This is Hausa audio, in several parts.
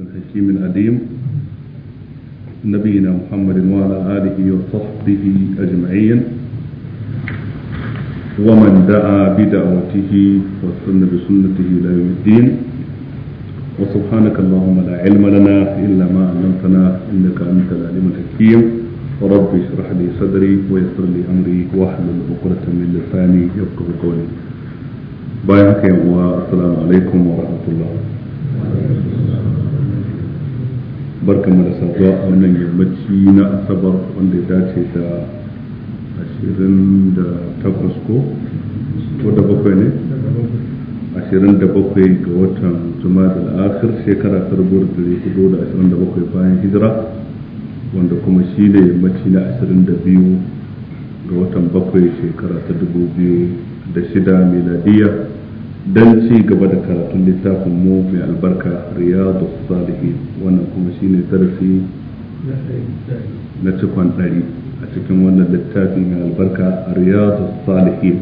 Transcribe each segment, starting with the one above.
الحكيم الأديم نبينا محمد وعلى آله وصحبه أجمعين ومن دعا بدعوته وسن بسنته إلى يوم الدين وسبحانك اللهم لا علم لنا إلا ما علمتنا إنك أنت العليم الحكيم رب اشرح لي صدري ويسر لي أمري واحلل عقدة من لساني يفقه قولي بايعك يا السلام عليكم ورحمة الله barka mu da sabuwa a wannan yammaci na asabar wanda ya dace da ashirin da takwas ko ko da bakwai ne ashirin da bakwai ga watan juma'a al'akhir shekara ta rubuwar da ya kudo da ashirin da bakwai bayan hijira wanda kuma shi ne yammaci na ashirin da biyu ga watan bakwai shekara ta dubu biyu da shida miladiyya dan ci gaba da karatun littafin mu mai albarka riyadu salihin wannan kuma shine darasi na cikon ɗari a cikin wannan littafin mai albarka riyadu salihin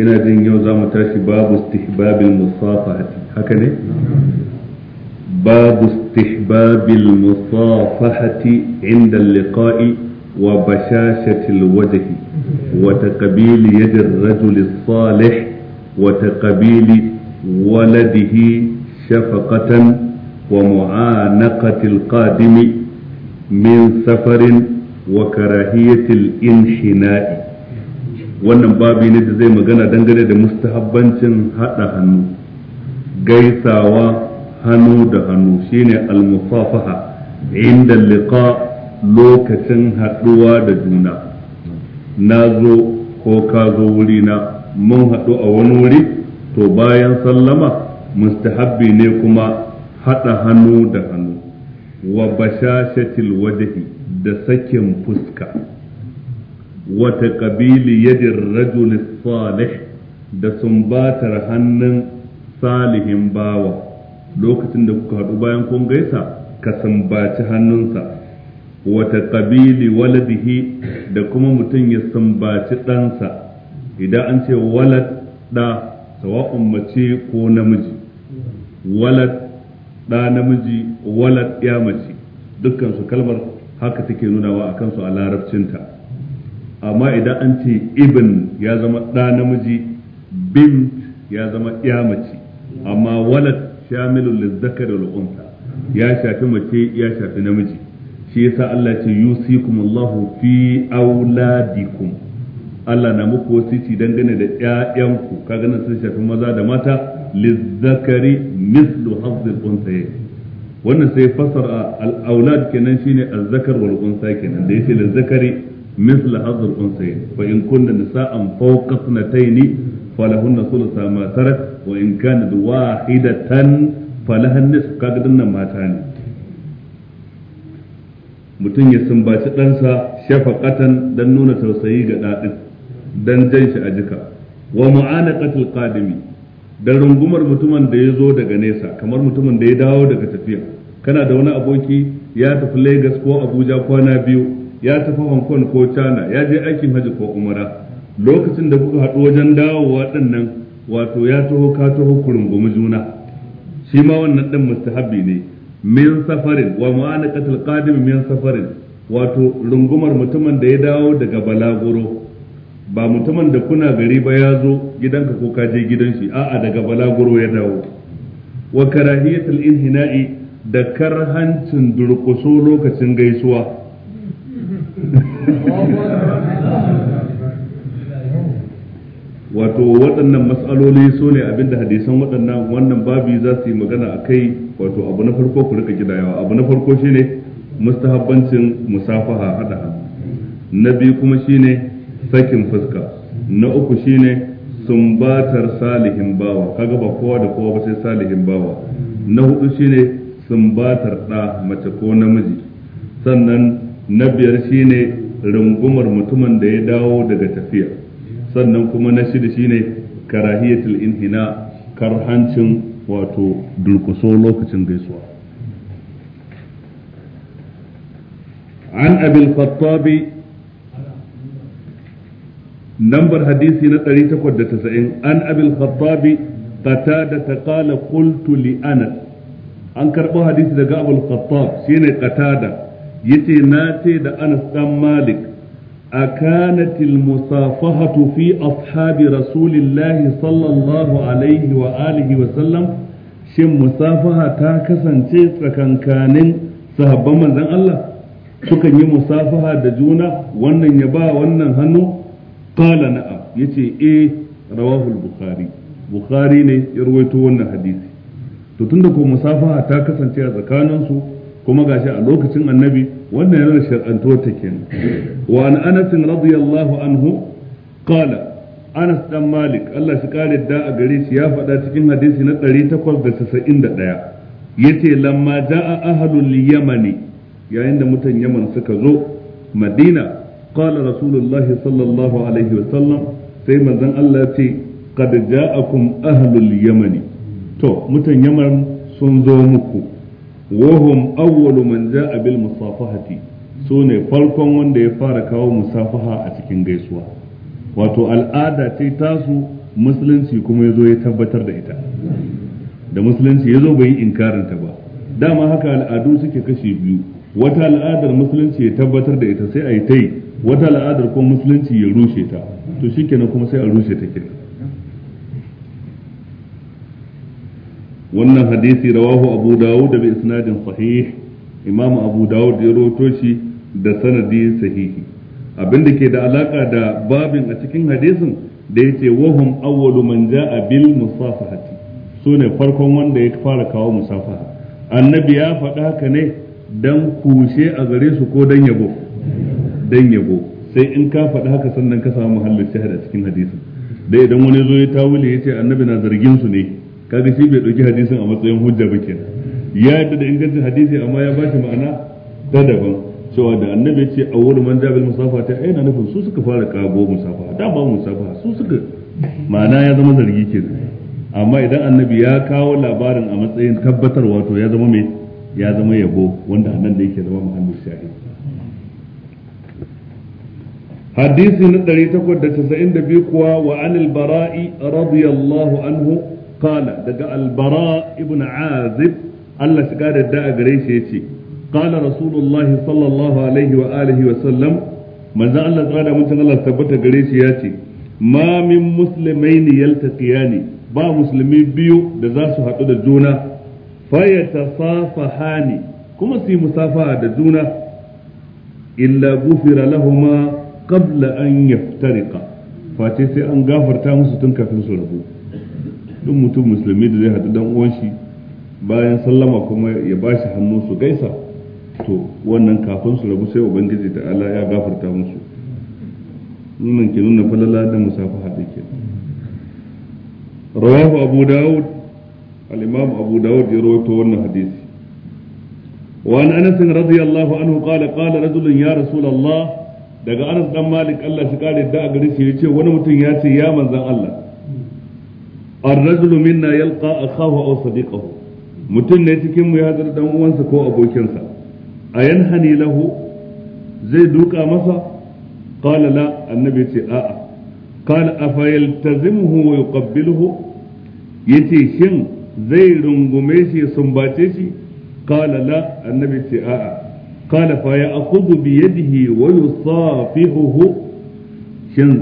ina jin yau za mu tashi babu istihbabil musafahati haka ne babu istihbabil musafahati inda liqa'i wa bashashatil wajhi وتقبيل يد الرجل الصالح وتقبيل ولده شفقة ومعانقة القادم من سفر وكراهية الانحناء wannan babi ne da zai magana dangane da mustahabbancin haɗa hannu gaisawa hannu da hannu shine al-musafaha inda liqa lokacin haɗuwa da juna na zo ko ka zo wuri na mun haɗu a wani wuri to bayan sallama mustahabbi ne kuma haɗa hannu da hannu wa bashashatil wajhi da sakin fuska wata taqabili yadir rajul salih da sumbatar hannun salihin bawa lokacin da kuka haɗu bayan kun gaisa ka sumbaci hannunsa wata kabili waladihi da kuma mutum ya sambaci ɗansa idan an ce walad ɗa sawa'un mace ko namiji walad ɗa namiji walad ya mace dukkan kalmar haka take nunawa a kansu a larabcinta amma idan an ce ibn ya zama ɗa namiji bint ya zama ya mace amma walad shamilun lizzakar ya shafi mace ya shafi namiji shi yasa Allah ce yusikumullahu fi auladikum Allah na muku wasiti dangane da ƴaƴanku kaga nan sun shafi maza da mata lizzakari mislu hazzil unsayayn wannan sai fasara al-aulad kenan shine az wal unsa kenan da yace lizzakari mislu hazzil unsayayn fa in kunna nisa'an fawqa ithnatayn falahunna thulutha ma tarak wa in kanat wahidatan falaha nisfu kaga dinnan mata ne mutum ya sumbaci ɗansa shafa shafaqatan dan nuna tausayi ga ɗaɗin dan jan shi a jika wa mu'anaqatul qadimi da rungumar mutumin da ya zo daga nesa kamar mutumin da ya dawo daga tafiya kana da wani aboki ya tafi Lagos ko Abuja kwana biyu ya tafi Hong Kong ko China ya je aikin hajji ko umara lokacin da kuka haɗu wajen dawowa ɗin nan wato ya taho ka taho ku rungumi juna shi ma wannan ɗin mustahabbi ne min safarin wa ma'ana mu'anaqatul qadim min safarin wato rungumar mutumin da ya dawo daga balaguro ba mutumin da kuna gari ba ya zo gidanka ko ka je gidan shi a'a daga balaguro ya dawo wa karahiyatul inhina'i da karhancin durkuso lokacin gaisuwa wato waɗannan matsaloli su ne abinda hadisan waɗannan wannan babi za su yi magana a kai wato abu na farko ku rika yawa abu na farko shine mustahabbancin musafaha haɗa hannu na biyu kuma shine sakin fuska na uku shine sumbatar salihin bawa kaga ba kowa da kowa ba sai salihin bawa na hudu shine sumbatar ɗa mace ko namiji sannan na biyar shine rungumar mutumin da ya dawo daga tafiya sannan kuma na shida shine karahiyatul inhina karhancin wato durkuso lokacin gaisuwa an abil khattabi نمبر حديثي نتري تقول تسعين عن أبي الخطاب قتادة قال قلت لأنس أن كربو حديث دقاء أبو الخطاب سين قتادة يتي ناتي دا أنس مالك أكانت المصافحة في أصحاب رسول الله صلى الله عليه وآله وسلم shin musafaha ta kasance tsakankanin sahabban manzon Allah sukan yi musafaha da juna wannan ya ba wannan hannu qala na'am yace eh rawahul bukhari bukhari ne ya wannan hadisi to tunda ko musafaha ta kasance a tsakaninsu kuma gashi a lokacin annabi wannan yana shar'antuwar ta kenan wa an anas radiyallahu anhu qala anas dan malik Allah shi kare da a gare shi ya faɗa cikin hadisi na 891 yace lamma jaa ahlul yamani yayin da mutan yaman suka zo madina qala rasulullah sallallahu alaihi wa sallam sai manzon Allah ce qad ja'akum ahlul yamani to mutan yaman sun zo muku wahum awwalu man ja'a bil musafahati su ne farkon wanda ya fara kawo musafaha a cikin gaisuwa wato al'ada ce tasu musulunci kuma ya zo ya tabbatar da ita da musulunci ya zo bai yi inkarinta ba dama haka al'adu suke kashe biyu wata al'adar musulunci ya tabbatar da ita sai a yi ta yi wata al'adar kuma musulunci ya rushe ta to shikenan kuma sai a rushe ta kenan wannan hadisi rawahu abu dawud bi isnadin sahih imamu abu dawud ya roto shi da sanadi sahihi abin da ke da alaka da babin a cikin hadisin da yace wahum awwalu man jaa bil musafahati sune farkon wanda ya fara kawo musafaha annabi ya faɗa haka ne dan kushe a gare su ko dan yabo dan yabo sai in ka faɗi haka sannan ka samu halin shahada cikin hadisin dai idan wani zo ya tawuli yace annabi na zargin su ne kaga shi bai dauki hadisin a matsayin hujja ba kenan ya yadda da ingancin hadisi amma ya bashi ma'ana ta daban cewa da annabi ce a wurin man jabil musafa ta na nufin su suka fara kago musafa da ba musafa su suka ma'ana ya zama zargi kenan amma idan annabi ya kawo labarin a matsayin tabbatarwa to ya zama mai ya zama yabo wanda nan da yake zama muhammad shahi hadisi na 892 kuwa wa anil bara'i radiyallahu anhu qala daga albara ibn azib Allah shi kare da a gare shi yace qala rasulullahi sallallahu alaihi wa alihi wa sallam manzon Allah tsara mutun Allah tabbata gare shi yace ma min muslimain yaltaqiyani ba musulmi biyu da za su haɗu da juna ni kuma su yi musafaha da juna illa gufira lahuma qabla an yaftariqa face sai an gafarta musu tun kafin su rabu duk mutum musulmi da zai haɗu dan uwan shi bayan sallama kuma ya ba shi hannu su gaisa to wannan kafin su rabu sai ubangiji ta ala ya gafarta musu nunan ke nuna falala da musafa da ke rawahu abu dawud al-imam abu dawud ya rawaito wannan hadisi wa انس anas الله anhu kala kala, rajul ya رسول الله daga anas dan malik Allah shi kare da a gare shi yace wani mutum ya ce ya manzon Allah ar-rajulu minna yalqa akahu aw sadiqahu mutum ne cikin mu ya zara dan uwansa ko abokinsa a 'yan lahu zai duka masa qala la annabi ce a'a qala afa yaltazimuhu wa yuqabbiluhu yace shin zai rungume shi sumbace shi qala la annabi ce a'a qala fa ya'khudhu bi yadihi wa yusafihuhu shin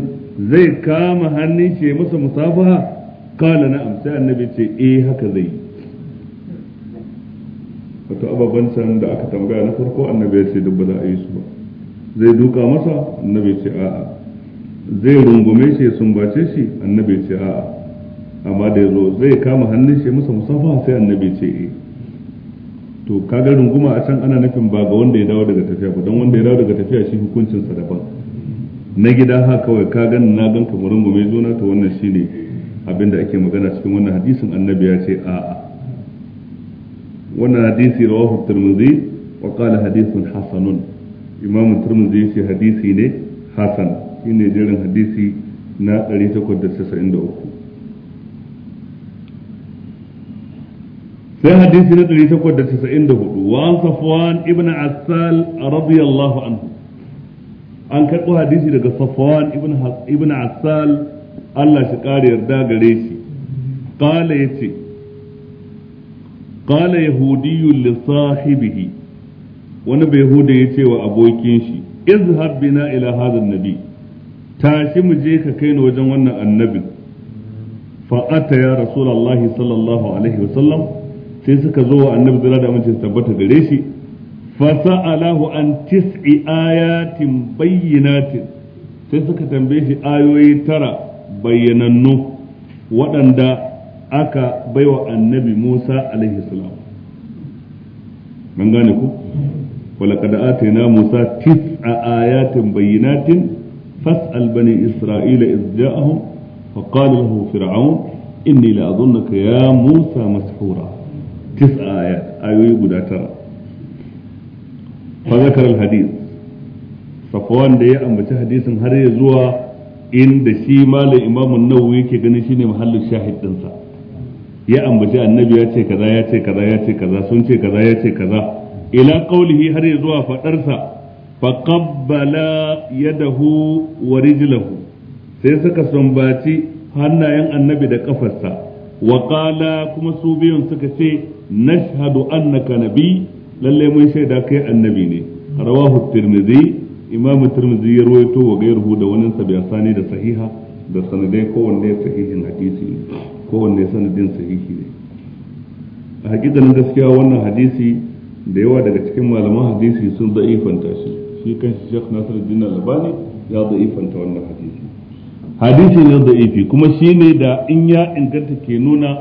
zai kama hannun shi masa musafaha kala na'am sai annabi ce eh haka zai yi wato ababen can da aka tambaya na farko annabi ya ce duk ba za a yi su ba zai duka masa annabi ce a'a zai rungume shi ya sumbace shi annabi ce a'a amma da ya zo zai kama hannun shi masa musafa sai annabi ce eh to kaga runguma a can ana nufin ba ga wanda ya dawo daga tafiya ba don wanda ya dawo daga tafiya shi hukuncinsa daban na gida ha kawai ka gani na gan ka mu rungume juna to wannan shine abinda ake magana cikin wannan hadisin annabi ya ce a'a wannan hadisi rawahu tirmidhi wa qala hadithun hasanun imamu tirmidhi yace hadisi ne hasan shine jerin hadisi na 893 sai hadisi na 894 wa an safwan ibn asal radiyallahu anhu an karɓo hadisi daga safwan ibn asal Allah shi ƙara yarda gare shi qala ce, qala yahudiyyu li sahibihi wani bai huda ce wa abokin shi izhab bina ila hadha nabi tashi mu je ka kai ni wajen wannan annabin fa ata ya rasulullahi sallallahu alaihi wasallam sai suka zo wa annabi zira da amince tabbata gare shi Fasa'a lahu an tis'i ayatin bayyinatin sai suka tambaye shi ayoyi tara bayyanannu waɗanda aka baiwa annabi Musa alaihi salam mun gane ku walaqad atayna Musa tis'a ayatin bayyinatin fas'al bani isra'ila iz ja'ahum فقال له فرعون إني لأظنك يا موسى مسحورا inda shi malam imamun nawawi yake ganin shine mahallin shahid dinsa ya ambaci annabi ya ce kaza ya ce kaza ya ce kaza sun ce kaza ya ce kaza ila qawlihi har ya zuwa fadarsa fa qabbala yadahu wa rijlahu sai suka sumbaci hannayen annabi da kafarsa wa qala kuma su biyun suka ce nashhadu annaka nabi lalle mun shaida kai annabi ne rawahu tirmidhi imamu turmizi ya rawaito wa gairuhu da wani sabi sani da sahiha da sanadai kowanne sahihin hadisi kowanne sanadin sahihi ne a hakikanin gaskiya wannan hadisi da yawa daga cikin malaman hadisi sun da'ifanta shi shi shek Sheikh Nasiruddin Labani ya fanta wannan hadisi hadisi ne za'ifi kuma shi ne da in ya inganta ke nuna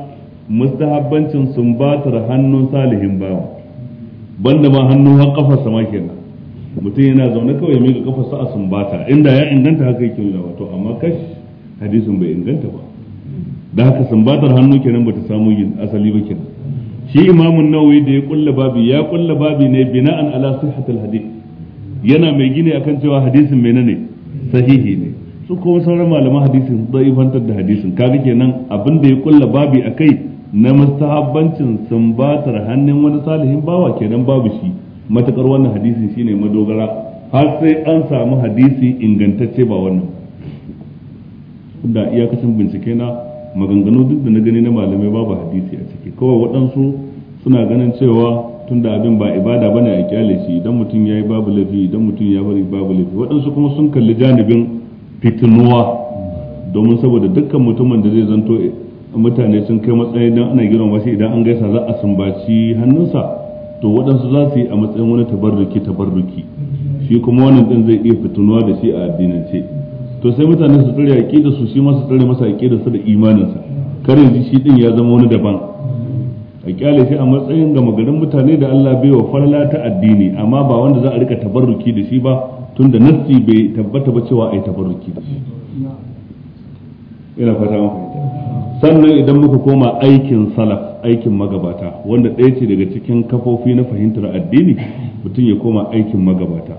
mustahabbancin sumbatar hannun salihin bawa banda ma hannun har sama kenan mutum yana zaune kawai ya miƙa sa'a a sumbata inda ya inganta haka yake nuna wato amma kash hadisin bai inganta ba da haka sumbatar hannu kenan bata samu yin asali ba kenan shi imamun nawawi da ya kulla babi ya kulla babi ne bina'an ala sihhatul hadith yana mai gine akan cewa hadisin mai ne sahihi ne su kuma sauran malaman hadisin sun ifantar da hadisin kaga kenan abin da ya kulla babi akai na mustahabbancin sumbatar hannun wani salihin bawa kenan babu shi matakar wannan hadisi shine madogara har sai an samu hadisi ingantacce ba wannan da iyakacin bincike na maganganu duk da na gani na malamai babu hadisi a ciki kawai waɗansu suna ganin cewa tunda abin ba ibada bane a kyale shi idan mutum ya yi babu laifi idan mutum ya bari babu laifi waɗansu kuma sun kalli janibin fitinuwa domin saboda dukkan mutumin da zai zanto mutane sun kai matsayi don ana girma shi idan an gaisa za a sumbaci hannunsa to waɗansu za su yi a matsayin wani tabarruki tabarruki shi kuma wannan din zai iya fitunuwa da shi a addinance to sai mutane su tsare yaƙi da su shi ma su tsare masa da su da imaninsa kar yanzu shi ɗin ya zama wani daban a kyale shi a matsayin gama garin mutane da Allah bai wa falala ta addini amma ba wanda za a rika tabarruki da shi ba tunda nassi bai tabbata ba cewa ai tabarruki da shi sannan idan muka koma aikin salaf aikin magabata wanda ɗaya ce daga cikin kafofi na fahimtar addini mutum ya koma aikin magabata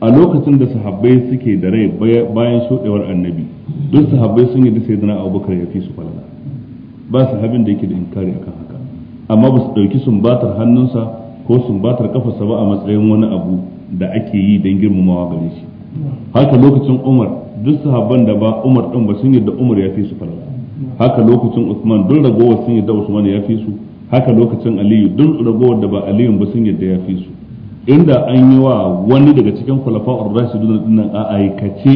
a lokacin da sahabbai suke da rai bayan shuɗewar annabi duk sahabbai sun yi da sai dana abubakar ya fi su falala ba sahabin da yake da inkari akan haka amma ba su ɗauki sumbatar hannunsa ko sumbatar kafarsa ba a matsayin wani abu da ake yi don girmamawa gare shi haka lokacin umar duk sahabban da ba umar ɗin ba sun yi da umar ya fi su falala haka lokacin Usman duk ragowar sun yadda Usman ya fi su haka lokacin Aliyu duk ragowar da ba Aliyu ba sun yadda ya fi su inda an yi wa wani daga cikin rashidu na dinnan a aikace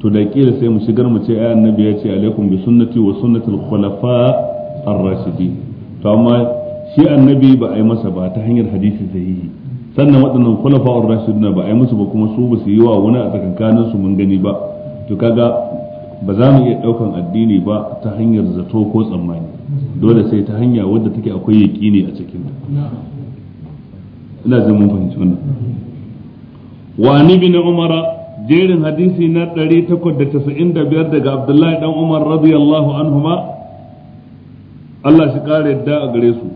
to da kila sai mu shigar mu ce ayan nabi ya ce alaikum bi sunnati wa sunnatil khulafa ar rashidi to amma shi annabi ba a yi masa ba ta hanyar hadisi sahihi sannan waɗannan khulafa'ur rashiduna ba a yi musu ba kuma su ba su yi wa wani a tsakankanin su mun gani ba to kaga ba za mu iya ɗaukan addini ba ta hanyar zato ko tsammani dole sai ta hanya wadda take akwai ne a cikin ina jin mun fahimci wannan Wani ni bin umara jerin hadisi na 895 daga abdullahi dan umar radiyallahu anhuma Allah shi kare yadda a gare su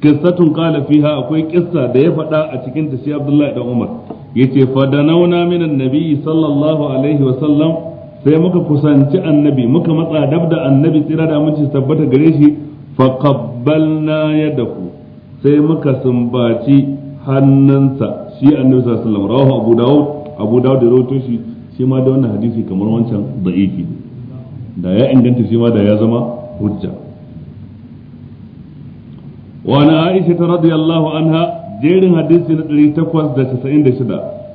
qissatun qala fiha akwai kissa da ya faɗa a cikin ta shi abdullahi dan umar yace fa danauna minan nabiyyi sallallahu alaihi wa sallam sai muka kusanci annabi muka matsa dab da annabi tsira da aminci tabbata gare shi fa qabbalna yadahu sai muka sumbaci hannunsa shi annabi sallallahu alaihi wasallam rawahu abu dawud abu dawud da rawaito shi shi ma da wannan hadisi kamar wancan da'ifi da ya inganta shi ma da ya zama hujja wa na aisha radiyallahu anha jerin hadisi na 896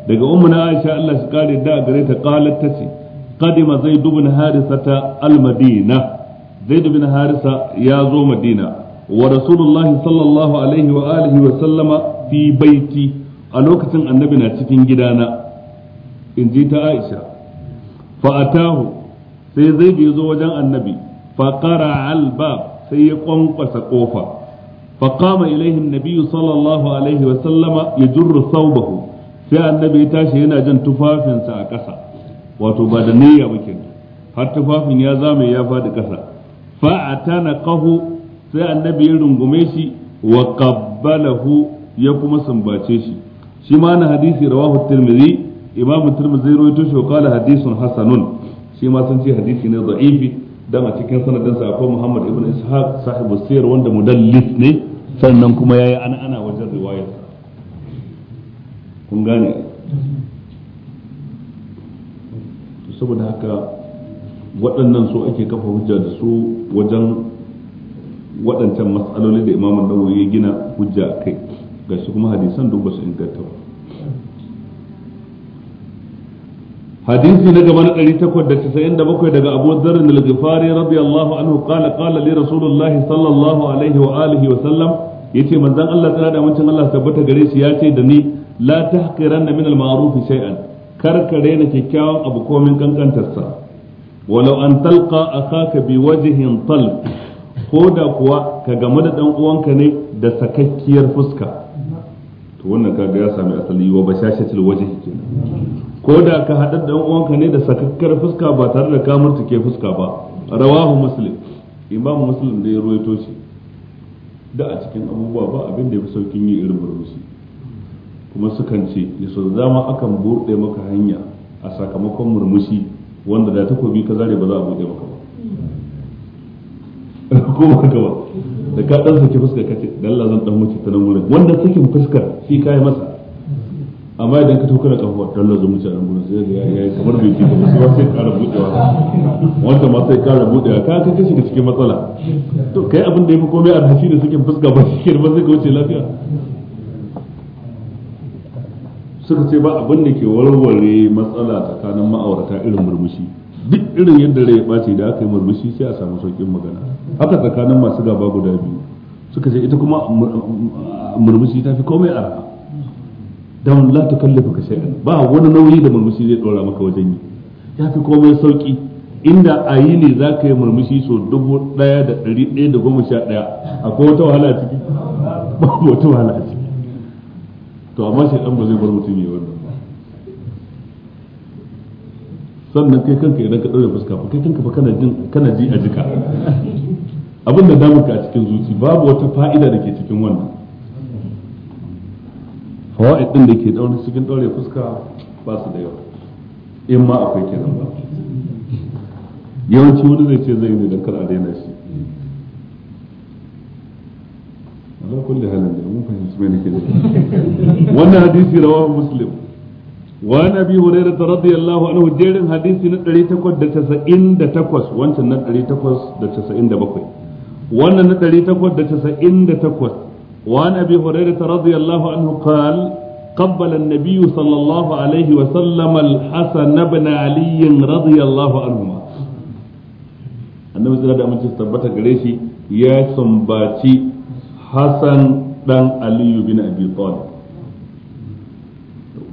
daga ummu na aisha Allah shi kare da gare ta qalat tace قدم زيد بن حارثة المدينة زيد بن حارثة يازو مدينة ورسول الله صلى الله عليه وآله وسلم في بيتي ألوكة النبي ناتشكين جدانا إن جيت عائشة فأتاه sai zai je zo wajen annabi faƙara albab sai ya kwankwasa ƙofa faƙama ilaihin nabiyu sallallahu alaihi wasallama ya jurru saubahu sai annabi ya tashi yana jan tufafinsa a ƙasa wato ba da niyya ba kenan har tufafin ya zame ya fadi kasa fa qahu sai annabi ya rungume shi wa qabbalahu ya kuma sambace shi shi ma na hadisi rawahu tirmidhi imamu tirmidhi rawaito shi qala hadisun hasanun shi ma sun ce hadisi ne da'ifi dan a cikin sanadin sa akwai Muhammad ibn Ishaq sahibu sir wanda mudallis ne sannan kuma yayi ana ana wajen riwayar kun gane saboda haka waɗannan su ake kafa hujja da su wajen waɗancan matsaloli da imaman nawawi ya gina hujja a kai ga shi kuma hadisan duk ba su inganta ba hadisi na gaba na 897 daga Abu Dharr al-Ghifari radiyallahu anhu qala qala li Rasulullah sallallahu alaihi wa alihi wa sallam ya yace manzon Allah tsara da mutum Allah tabbata gare shi ya ce da ni la tahqiranna min al maarufi shay'an kar ka kyakkyawan abu komin kankantarsa walau an talqa akhaka bi wajhin talq ko da kuwa ka game da dan uwanka ne da sakakkiyar fuska to wannan kaga ya sami asali wa bashashatul wajhi kenan ko da ka haɗa dan uwanka ne da sakakkiyar fuska ba tare da ka murtuke fuska ba rawahu muslim imam muslim da ya ruwaito shi da a cikin abubuwa ba abin da ya fi saukin yi irin murmushi kuma sukan ce da su dama akan buɗe maka hanya a sakamakon murmushi wanda da takobi ka zare ba za a buɗe maka ba ko ba ka ba da ka dan saki fuska ka ce da Allah zan dan mutu ta nan wurin wanda sakin fuskar shi kai masa amma idan ka tokar kafa da Allah zan wuce nan wurin sai ya yi kamar bai kika ba sai ya kara buɗewa wanda ma sai kara buɗewa ka ka kashi cikin matsala to kai abin da yafi komai arhashi da sakin fuska ba shi ke ba sai ka wuce lafiya suka ce ba abin da ke warware matsala tsakanin ma'aurata irin murmushi duk irin yadda rai ya ɓace da aka yi murmushi sai a samu sauƙin magana haka tsakanin masu gaba guda biyu suka ce ita kuma murmushi ta fi komai arha don la ta kallafa ka shay'an ba wani nauyi da murmushi zai ɗora maka wajen yi ya fi komai sauƙi inda a yi ne za ka yi murmushi sau dubu ɗaya da ɗari ɗaya da goma sha ɗaya akwai wata wahala a ciki ba wata wahala a ciki to amma shi dan ba zai bar mutum yi wannan ba sannan kai kanka idan ka ɗaure fuska ba kai kanka ba kana jin kana ji a jika abin da damuka a cikin zuci babu wata fa'ida da ke cikin wannan fawaid din da ke daure cikin ɗaure fuska ba su da yawa in ma akwai kenan ba yawanci wani zai ce zai ne dan kar a daina shi don kulle halin da mun fahimci mai nake wannan hadisi rawahu muslim wa an abi hurairah radiyallahu anhu jerin hadisi na 898 wancan na 897 wannan na 898 wa an abi hurairah radiyallahu anhu qala قبل النبي صلى الله عليه وسلم الحسن بن علي رضي الله عنهما annabi sallallahu alaihi wasallam tabbata gare shi ya sumbaci Hassan dan Aliyu bin Abi Talib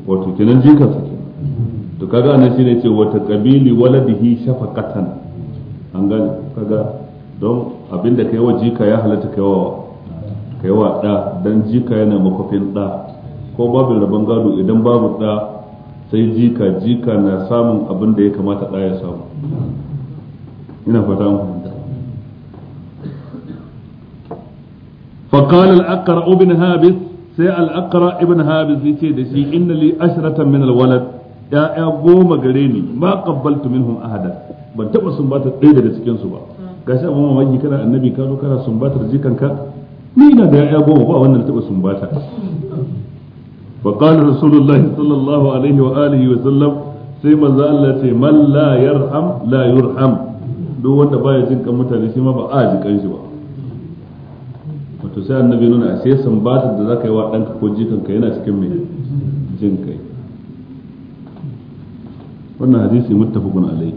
wato kenan jikan sa to kaga anan shine ce wata qabili waladihi shafaqatan an gane kaga don abinda kai wa jika ya halatta kai wa kai wa da dan jika yana makofin da ko babu rabon gado idan babu da sai jika jika na samun abin da ya kamata da ya samu ina fata mu fa qala al habis sai al ibin ibn ya ce da shi inna li ashratan min al-walad ya'ya goma gare ni ma qabbaltu minhum ahada ban taba sumbata ɗaya daga cikin su ba gashi abin mamaki kana annabi ka zo kana ina da goma ba wannan sumbata فقال رسول الله صلى الله عليه وآله وسلم سيما زالة من لا يرحم لا يرحم دو wanda baya jin kan mutane shi ma ba a ji shi ba to sai annabi nuna a sai sambatar da zaka yi wa ɗanka ko jikanka yana cikin mai jin kai wannan hadisi muttafaqun alai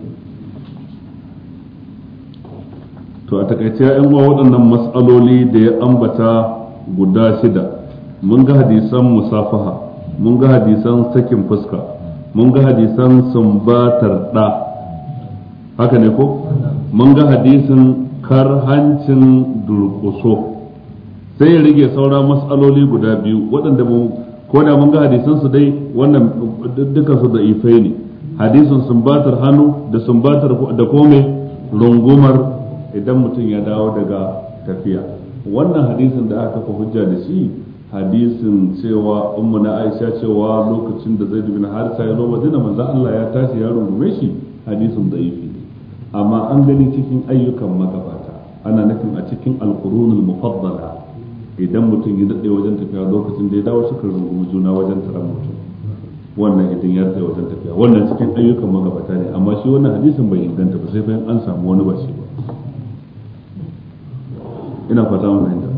to a takaice ƴan uwa waɗannan matsaloli da ya ambata guda shida mun ga hadisan musafaha mun ga hadisan sakin fuska mun ga hadisan sumbatar da haka ne ko mun ga hadisin karhancin durƙuso sai ya rage saura matsaloli guda biyu waɗanda mu ko da mun ga hadisan su dai wannan dukkan su da ifai ne hadisin sumbatar hannu da sumbatar da kome rungumar idan mutum ya dawo daga tafiya wannan hadisin da aka hujja da shi hadisin cewa ummu na aisha cewa lokacin da zaid bin harisa ya zo madina manzo Allah ya tashi ya rungume shi hadisin da'ifi amma an gani cikin ayyukan magabata ana nufin a cikin alqurunul mufaddala idan mutum ya daɗe wajen tafiya lokacin da ya dawo suka rungumi juna wajen tara mutum wannan idan ya tsaye wajen tafiya wannan cikin ayyukan magabata ne amma shi wannan hadisin bai inganta ba sai bayan an samu wani bashi ba ina fata mun fahimta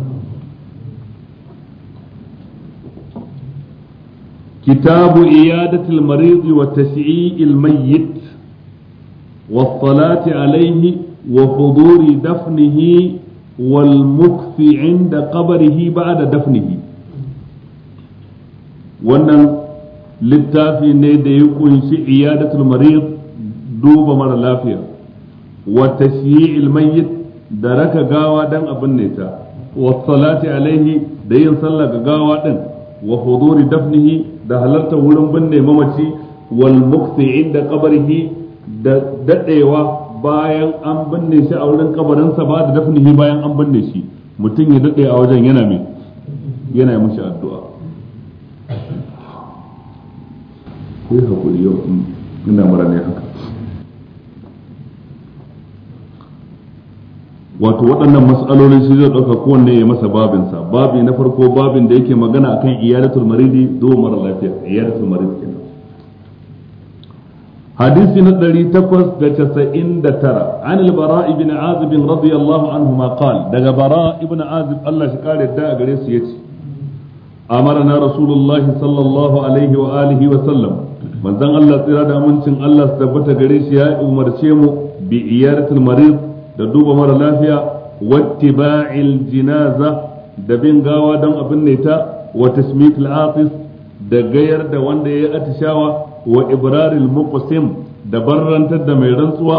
كتاب إيادة المريض wa الميت والصلاة عليه وحضور دفنه wal mukfi inda ba'a da dafnihi wannan littafi ne da ya kunshi iyadatul marid duba mara lafiya wa tashyi'il mayyit da raka gawa dan abin ne ta wa salati alaihi da yin sallah ga gawa din wa huduri dafnihi da halarta wurin binne mamaci wal mukthi inda qabrihi da dadewa bayan an binne shi a wurin kabarinsa ba da dafnihi bayan an binne shi mutum ya daɗe a wajen yana mai yana yi mashi addu'a ku yi haƙuri yau ina mara ne haka wato waɗannan mas'alolin shi zai ɗauka kowanne ya masa babinsa babi na farko babin da yake magana akan iyalatul maridi zuwa mara lafiya iyalatul maridi hadisi na 899 an al-bara ibn azib radiyallahu anhu ma daga bara ibn azib Allah shi kare da gare su yace amarna rasulullah sallallahu alaihi wa wa sallam manzon Allah ira da amincin Allah su bata gare ya umarce mu bi iyaratul marid da duba mara lafiya wattiba'il jinaza da bingawa don abin ne ta wa tasmitul atis da gayar da wanda ya yi atishawa wa ibraril muqsim da barrantar da mai rantsuwa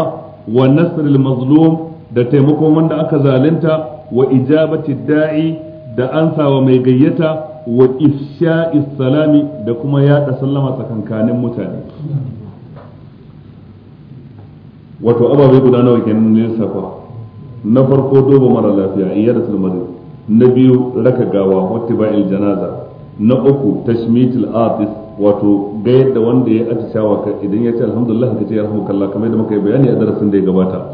wa nasril mazlum da taimakon wanda aka zalunta wa ijabati da'i da ansawa mai gayyata wa ifsha'is salami da kuma yada sallama tsakankanin mutane wato ababe guda nawa kenan ne safa na farko doba mara lafiya iyadatul marid na biyu raka gawa wattiba'il janaza na uku tashmitul atis wato ga yadda wanda ya atishawa ka idan ya ce alhamdulillah ka ce kalla kamar yadda muka yi bayani a darasin da ya gabata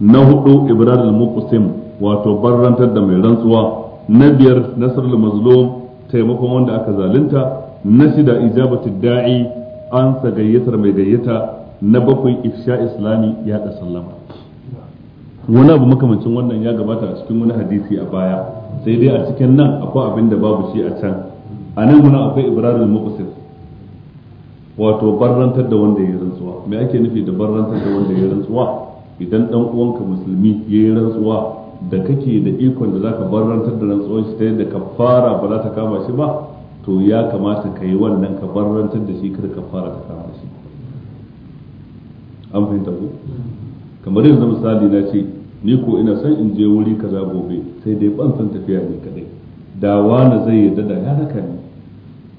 na hudu ibrar al-muqsim wato barrantar da mai rantsuwa na biyar nasrul mazlum taimakon wanda aka zalunta na shida ijabatu da'i an sa gayyatar mai gayyata na bakwai ifsha islami ya da sallama wani abu makamancin wannan ya gabata a cikin wani hadisi a baya sai dai a cikin nan akwai abin da babu shi a can a nan guna akwai ibrarul muqsir wato barrantar da wanda ya rantsuwa me ake nufi da barrantar da wanda ya rantsuwa idan dan uwanka musulmi ya yi rantsuwa da kake da ikon da zaka barrantar da rantsuwar shi ta yadda kafara ba za ta kama shi ba to ya kamata ka yi wannan ka barrantar da shi ka kafara ta kama shi an fahimta ko kamar yanzu misali na ce ni ko ina son in je wuri kaza gobe sai dai ban san tafiya ne kadai da wani zai yi da ya raka ne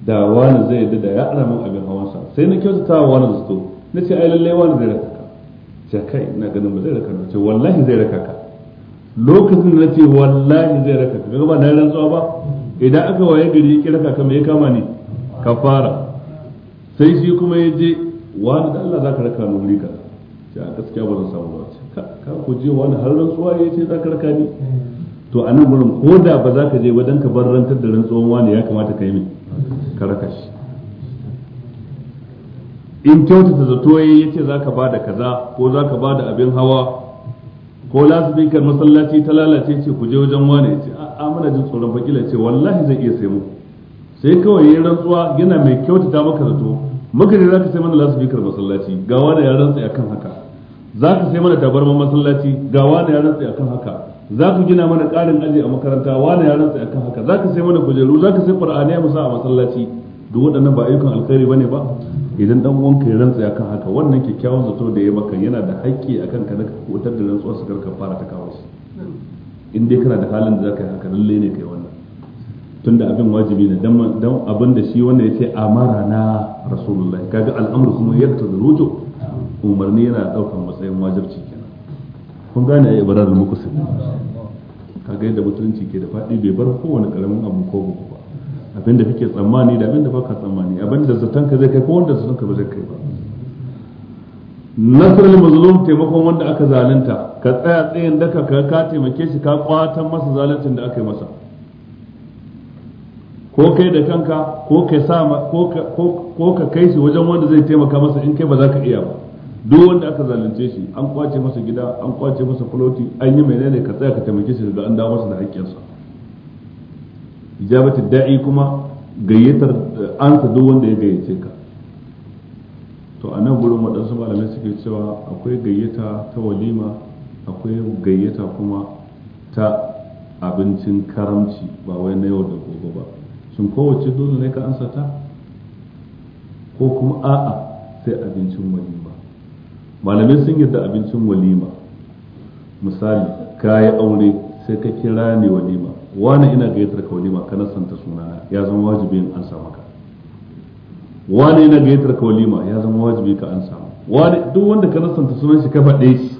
da wani zai yadda da ya alamun min abin hawansa sai na kyautata wa wani zato na ce ai lallai wani zai raka ka ce kai ina ganin ba zai raka ka ce wallahi zai raka ka lokacin na ce wallahi zai raka ka ba na rantsuwa ba idan aka waye gari ya kira kaka me ya kama ne ka fara sai shi kuma ya je wani da Allah zaka raka ni wuri ka ce a gaskiya ba zan samu ba ce ka ku je wani har rantsuwa ya ce zaka raka ni hmm. to a nan gurin ko da ba za ka je wajen ka bar rantar da rantsuwan wani ya kamata ka yi mai ka in kyautata zato za yace zaka da kaza ko za ba da abin hawa ko lasifikar masallaci ta lalace ce ku je wajen wane ya ce a muna jin tsoron fakila ce wallahi zai iya sai mu sai kawai yayin rantsuwa yana mai kyautata maka zato maka ne ka sai mana lasifikar masallaci gawa da ya rantsa akan haka za ka sai mana tabarman masallaci gawa da ya rantsa akan haka za ku gina mana ƙarin aji a makaranta wani ya rantsa akan haka za ka sai mana kujeru za ka sai qur'ani mu sa a masallaci duk waɗannan ba ayyukan alkhairi bane ba idan dan ka ya rantsa akan haka wannan kyakkyawan zato da ya maka yana da haƙƙi akan ka na wutar da rantsuwa su karka fara ta kawo shi in dai kana da halin da za ka yi haka lallai ne kai wannan tunda abin wajibi ne dan abin da shi wannan ce amara na rasulullahi kaga al'amru kuma yaktazu ruju umarni yana ɗaukar matsayin wajibci kun gane ya muku sai. Ka ga yadda mutunci ke da fadi bai bar kowane karamin abu ko ba ba da kake tsammani da abin da baka tsammani Abin da zaton ka zai kai ko wanda zaton ka ba zai kai ba nasarar mazlum taimakon wanda aka zalunta ka tsaya tsayin daka ka ka taimake shi ka kwatan masa zaluncin da aka yi masa ko kai da kanka ko ka sa ko ka kai shi wajen wanda zai taimaka masa in kai ba za ka iya ba duk wanda aka zalunce shi an kwace masa gida an kwace masa fuloti an yi menene ka tsaya ka taimake shi daga an dawo masa da haƙƙinsa ijabatu da'i kuma gayyatar eh, ansa duk wanda ya gayyace ka to a nan gurin waɗansu malamai suke cewa akwai gayyata ta walima akwai gayyata kuma ta abincin karamci ba wai na yau da gobe ba sun kowace dole ne ka ansa ta ko kuma a'a sai abincin walima malamai sun yadda abincin walima misali ka yi aure sai ka kira ne walima wani ina gayyatar ka walima ka nasanta sunana ya zama wajibi in an samu ka wani ina gayyatar ka walima ya zama wajibi ka an samu wani duk wanda ka nasanta sunan shi ka faɗe shi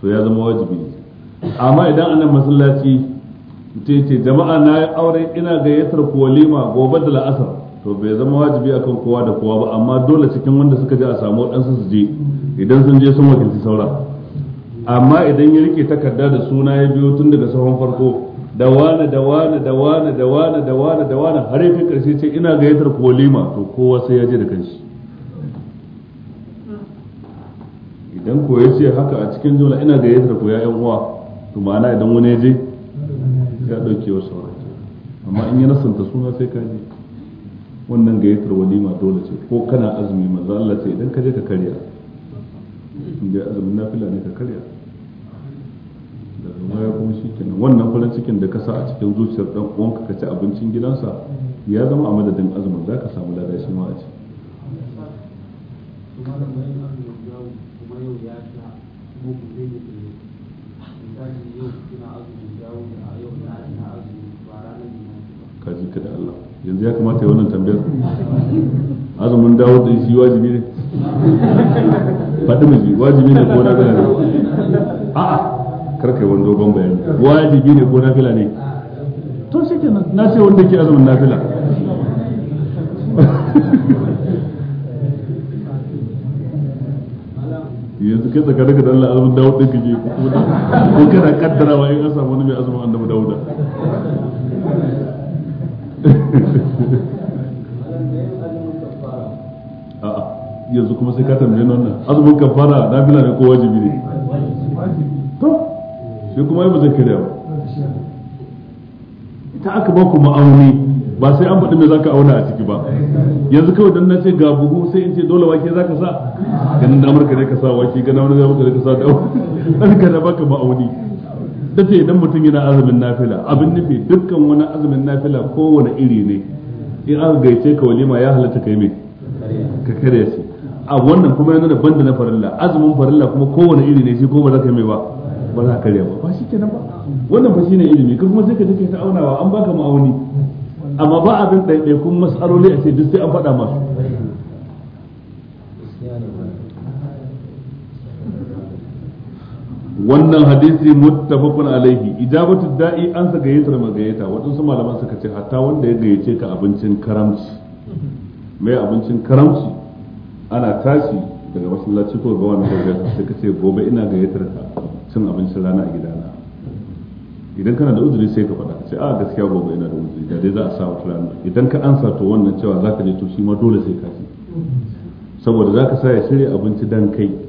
to ya zama wajibi ne amma idan annan masallaci ce ce jama'a na yi aure ina gayyatar ku walima gobe da la'asar to bai zama wajibi akan kowa da kowa ba amma dole cikin wanda suka je a samu waɗansu su je idan sun je sun wakilci saura amma idan ya rike takarda da suna ya biyo tun daga sahon farko da wani da wani da wani da wani da wani da wani har ya karshe ce ina gayyatar kolima to kowa sai ya je da kanshi idan ko ya ce haka a cikin jumla ina gayyatar ko ya yan uwa to ma'ana idan wani ya je ya dauke wasu amma in ya nasanta suna sai ka je wannan gayyatar walima dole ce ko kana azumi manzo Allah ce idan ka je ka karya inda azumin nafila ne ka karya daga baya kuma shi kenan wannan farin cikin da ka sa a cikin zuciyar dan uwanka ka ci abincin gidansa ya zama a madadin azumin za ka samu lada shi ma a ci kaji ka da Allah yanzu ya kamata ya wannan tambayar azumin dawo da shi wajibi ne faɗi miji wajibi ne ko na fila ne a'a karka yi wani dogon bayani wajibi ne ko na fila ne to shi ke na ce wanda ke azumin na fila yanzu kai tsakanin ka da Allah azumin dawo ɗin ka je ko kana kaddarawa in an samu wani mai azumin annabi da. a'a yanzu kuma sai ka tambaye nan nan azumin kafara bila ne ko wajibi ne to shi kuma yi ba zai ba ita aka ba ku ma'auni ba sai an faɗi me zaka auna a ciki ba yanzu kawai dan na ce ga buhu sai in ce dole wake zaka sa ganin da Amurka ne ka sa wake ganin da Amurka ne ka sa da an ka na baka ma'auni tace idan mutum yana azumin nafila abin nufi dukkan wani azumin nafila kowane iri ne in aka gaice ka walima ya halatta kai mai ka kare shi a wannan kuma yana da banda na farilla azumin farilla kuma kowane iri ne shi ko ba za ka mai ba ba za ka kare ba ba shi kenan ba wannan shi ne ilimi ka kuma sai ka take ta aunawa an baka ma'auni amma ba abin ɗaiɗaikun mas'aloli a ce duk sai an faɗa masu wannan hadisi muttafaqun alaihi ijabatu da'i an sa gayyatar magayyata waɗansu malaman suka ce hatta wanda ya gayyace ka abincin karamci mai abincin karamci ana tashi daga masallaci ko ga wani gaggata sai ka ce gobe ina gayyatar ka cin abincin rana a gidana idan kana da uzuri sai ka faɗa ka ce a ah, gaskiya gobe ina da uzuri da dai za a sa wata rana idan ka ansa to wannan cewa za ka je to shi ma dole sai ka ci saboda za ka sa ya shirya abinci dan kai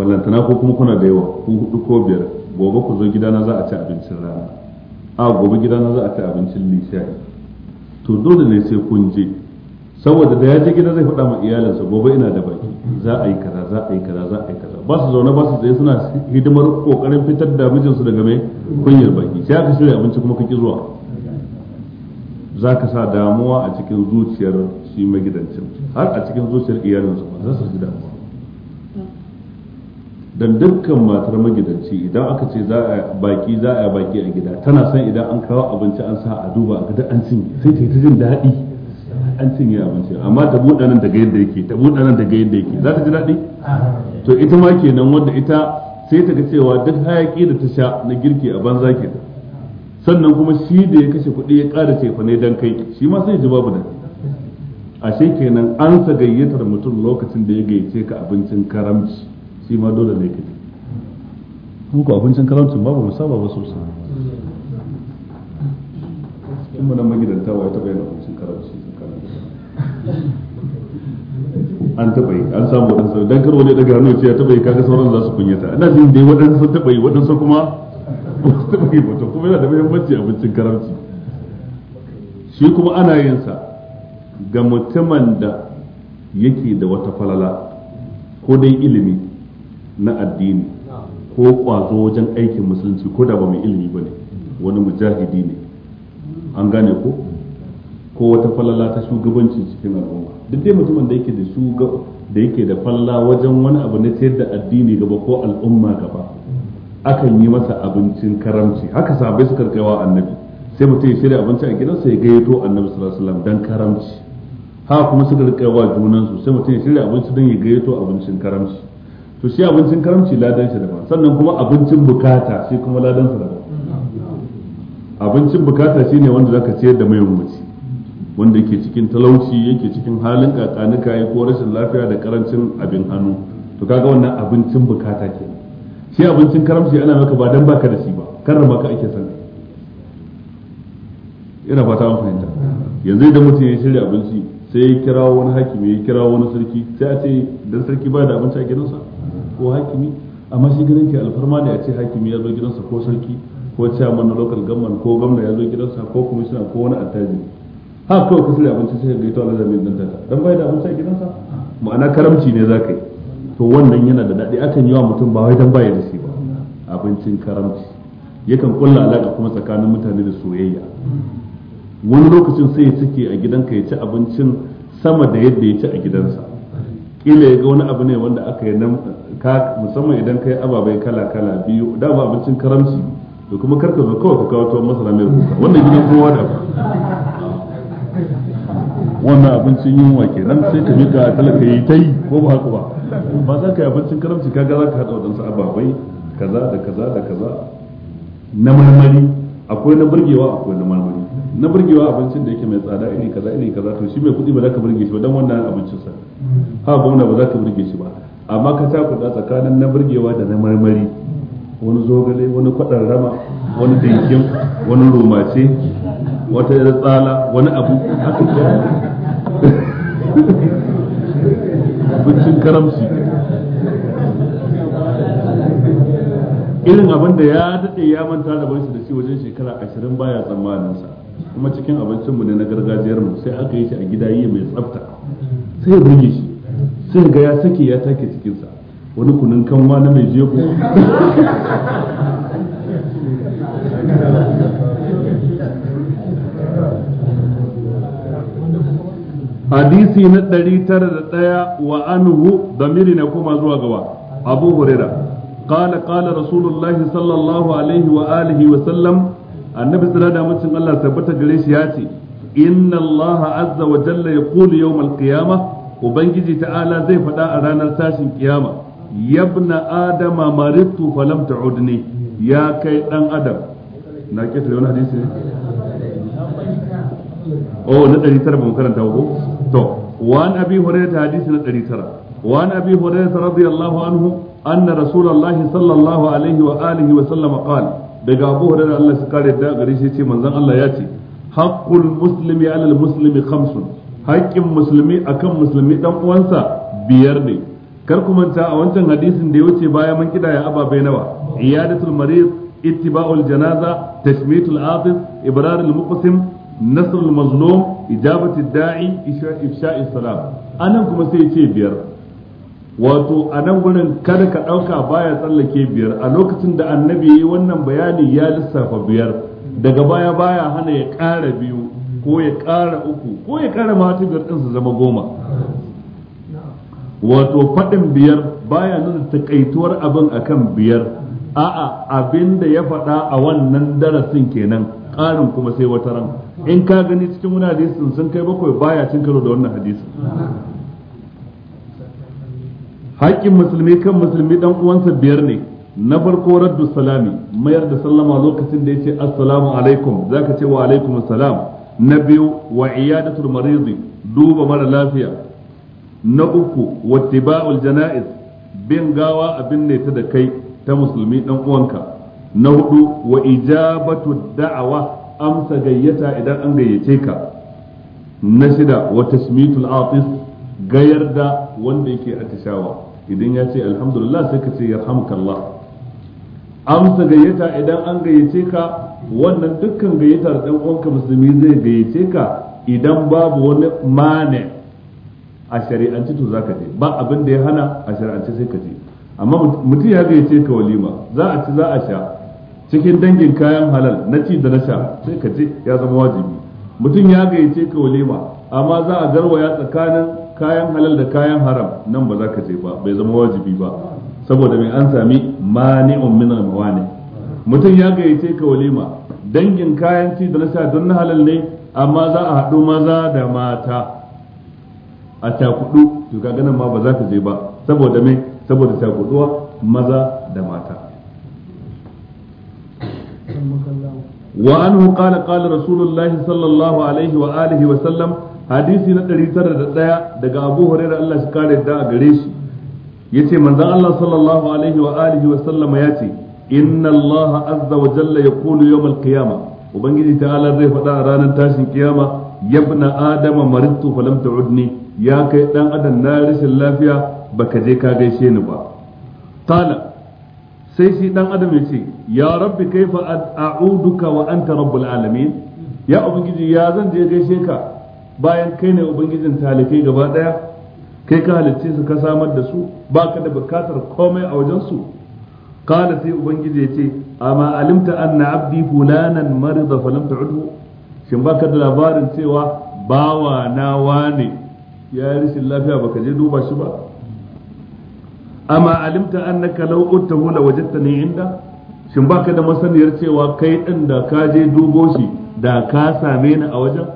ballantana ko kuma kuna da yawa kun hudu ko biyar gobe ku zo gidana za a ci abincin rana a gobe gidana za a ci abincin lishai to dole ne sai kun je saboda da ya je gida zai faɗa ma iyalinsa gobe ina da baki za a yi kaza za a yi kaza za a yi kaza ba su zaune ba su tsaye suna hidimar kokarin fitar da mijinsu daga mai kunyar baki sai aka shirya abinci kuma kake zuwa za ka sa damuwa a cikin zuciyar shi magidancin har a cikin zuciyar iyalinsa ba za su ji damuwa dan dukkan matar magidanci idan aka ce za a baki za a baki a gida tana son idan an kawo abinci an sa a duba a gida an cinye sai ta yi ta jin daɗi an cinye abinci amma ta buɗa nan daga yadda yake ta buɗa nan daga yadda yake za ta ji daɗi to ita ma kenan wanda ita sai ta ga cewa duk hayaki da ta sha na girki a banza da sannan kuma shi da ya kashe kuɗi ya ƙara cefa ne dan kai shi ma sai ji babu daɗi ashe kenan an sa gayyatar mutum lokacin da ya gayyace ka abincin karamci shi ma dole ne ka mun ko abincin karamcin babu mu saba ba sosai in mu nan magidanta wai ta bayyana abincin karamci an taɓa yi an samu waɗansu dan karo ne daga hannu ya taɓa yi kaga sauran za su kunyata ina jin dai waɗansu taɓa yi waɗansu kuma ba yi ba to kuma yana da muhimmanci abincin karamci shi kuma ana yin sa ga mutumin da yake da wata falala ko dai ilimi na addini ko kwazo wajen aikin musulunci ko da ba mai ilimi ba ne wani mujahidi ne an gane ko ko wata falala ta shugabanci cikin al'umma duk dai mutumin da yake da da yake da falala wajen wani abu na ciyar da addini gaba ko al'umma gaba akan yi masa abincin karamci haka sahabbai suka kaiwa annabi sai mutum ya shirya abinci a gidansa ya gayyato annabi sallallahu alaihi wasallam dan karamci haka kuma suka kaiwa junansu sai mutum ya shirya abinci don ya gayyato abincin karamci to shi abincin karamci ladan shi daban sannan kuma abincin bukata shi kuma ladan sa daban abincin bukata shine wanda zaka ciyar da mai mace wanda yake cikin talauci yake cikin halin kakanuka ya ko rashin lafiya da karancin abin hannu to kaga wannan abincin bukata ke shi abincin karamci ana maka ba dan baka da shi ba karrama ka ake san ina fata an fahimta yanzu idan mutum ya shirya abinci sai ya kira wani hakimi ya kira wani sarki sai a ce dan sarki ba da abinci a gidansa ko hakimi amma shi ganin ke alfarma da ya ce hakimi ya zo gidansa ko sarki ko chairman na local government ko gwamna ya zo gidansa ko commissioner ko wani attaji har kawai ka da abinci sai ka gaito Allah zamin dan tata dan bai da abinci a gidansa ma'ana karamci ne za ka yi to wannan yana da daɗi akan yi wa mutum ba wai dan baya da shi ba abincin karamci yakan kulla alaka kuma tsakanin mutane da soyayya wani lokacin sai ya cike a gidanka ya ci abincin sama da yadda ya ci a gidansa kila ya ga wani abu ne wanda aka yi nan ka musamman idan kai ababai kala kala biyu da ba abincin karamci da kuma karka zo kawai ka kawo tuwon masara mai kuka wannan gidan kowa da wannan abincin yunwa nan sai ka mika talaka yi ta yi ko ba haka ba ba za ka yi abincin karamci ka za ka haɗa waɗansu ababai kaza da kaza da kaza na marmari akwai na burgewa akwai na marmari na burgewa abincin da yake mai tsada iri kaza iri kaza to shi mai kuɗi ba za ka burge shi ba dan wannan abincin sa ha gwamna ba za ka burge shi ba amma ka sa kuɗa tsakanin na burgewa da na marmari wani zogale wani kwaɗar rama wani dinkin wani rumace wata tsala wani abu haka ko abincin karamci irin abin da ya daɗe ya manta da banshi da shi wajen shekara ashirin baya tsammaninsa kuma cikin abincinmu ne na gargajiyarmu sai aka yi shi a gida yi mai tsafta sai ya burge shi sai ga ya sake ya take cikinsa wani kunun kanwa na mai jefu. hadisi na ɗari tara da ɗaya wa anhu miri na koma zuwa gaba, abu huraira قال قال رسول الله صلى الله عليه وآله وسلم النبي صلى الله عليه وسلم الله ثبت قريش ياتي إن الله عز وجل يقول يوم القيامة ubangiji ta'ala zai faɗa a ranar tashin kiyama yabna adama maritu falam ta'udni ya kai dan adam na ke tare wani hadisi ne oh na 900 ba mu karanta ko to wa an abi ta hadisi na 900 wa an abi ta radiyallahu anhu anna rasulullahi sallallahu alaihi wa alihi wa sallama qala daga abu hurairah Allah ya kare da gare shi ce manzon Allah ya ce haqqul muslimi alal muslimi khamsun haƙƙin musulmi akan musulmi dan uwansa biyar ne kar ku manta a wancan hadisin da ya wuce baya mun kida ya ababe nawa iyadatul marid ittiba'ul janaza tashmitul afis ibrarul muqsim nasrul mazlum ijabatid da'i ifsha'is salam anan kuma sai ce biyar wato a nan gurin kada ka ɗauka baya tsallake biyar a lokacin da annabi ya wannan bayani ya lissafa biyar daga baya baya hana ya ƙara biyu ko ya ƙara uku ko ya ƙara matubiyar ɗinsa zama goma wato faɗin biyar baya nuna takaituwar abin akan biyar a'a abin da ya faɗa a wannan darasin kenan ƙarin kuma sai wata ran in ka gani cikin wani hadisin sun kai bakwai baya cin karo da wannan hadisin haƙƙin musulmi kan musulmi ɗan uwansa biyar ne na farko raddu salami mayar da sallama lokacin da ya ce, assalamu alaikum zaka ce wa alaikum salam na biyu wa iyadatul marid duba mara lafiya na uku wattiba'ul janaiz bin gawa abin ne ta da kai ta musulmi dan uwanka na hudu wa ijabatu da'awa amsa gayyata idan an gayyace ka na shida wa tasmitul atis gayar da wanda yake atishawa idan ya ce alhamdulillah sai ka ce yarhamukallah amsa gayyata idan an gayyace ka wannan dukkan gayyatar ɗan uwanka musulmi zai gayyace ka idan babu wani mane a shari'anci to zaka je ba abin da ya hana a shari'ance sai ka je amma mutum ya gayyace ka walima za a ci za a sha cikin dangin kayan halal na ci da na sha sai ka je ya zama wajibi mutum ya gayyace ka walima amma za a garwaya tsakanin kayan halal da kayan haram nan ba za ka je ba bai zama wajibi ba saboda mai an sami mani'un min al-mawani mutum ya gayyace ka walima dangin kayan ci da na sha don na halal ne amma za a haɗu maza da mata a cakudu to ka ganin ma ba za ka je ba saboda me saboda cakuduwa maza da mata wa anhu qala qala rasulullahi sallallahu alaihi wa alihi wa sallam hadisi na 901 daga Abu Hurairah Allah shi kare da a gare shi yace manzon Allah sallallahu alaihi wa alihi wa sallama yace inna allaha azza wa jalla yaqulu yawm al-qiyama ubangiji ta'ala zai faɗa a ranar tashin kiyama yabna adama maridtu falam ta'udni ya kai dan adam na rashin lafiya baka je ka gaishe ni ba qala sai shi dan adam ya ce ya rabbi kaifa a'uduka wa anta rabbul alamin ya ubangiji ya zan je gaishe ka bayan kai ne ubangijin talikai gaba ɗaya kai ka halicce su ka samar da su ba ka da bukatar komai a wajen su qala sai ubangiji yace amma alimta anna abdi fulanan marida falam ta'udhu shin baka da labarin cewa bawa na wane ya yi rashin lafiya baka je duba shi ba amma alimta annaka law uttahu la wajadtani inda shin baka da masaniyar cewa kai din da ka je dubo shi da ka same ni a wajen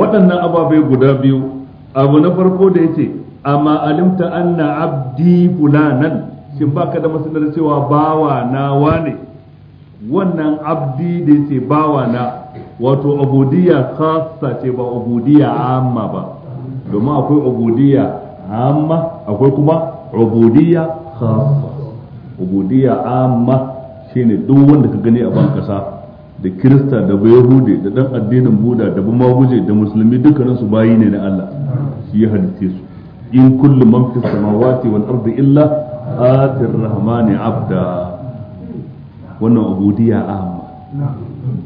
waɗannan ababai guda biyu abu na farko da yace amma alimta anna abdi fulanan shin baka da masanar cewa bawa na wane wannan abdi da yace bawa na wato ubudiyya khassa ce ba ubudiyya amma ba domin akwai ubudiyya amma akwai kuma ubudiyya khassa ubudiyya amma shine duk wanda ka gani a ban kasa da kirista da bayahudi da dan addinin buda da bamaguje da musulmi dukkanin su bayi ne na Allah shi ya halitte su in kullu man fis samawati wal ardi illa atir rahmani abda wannan ubudiyya amma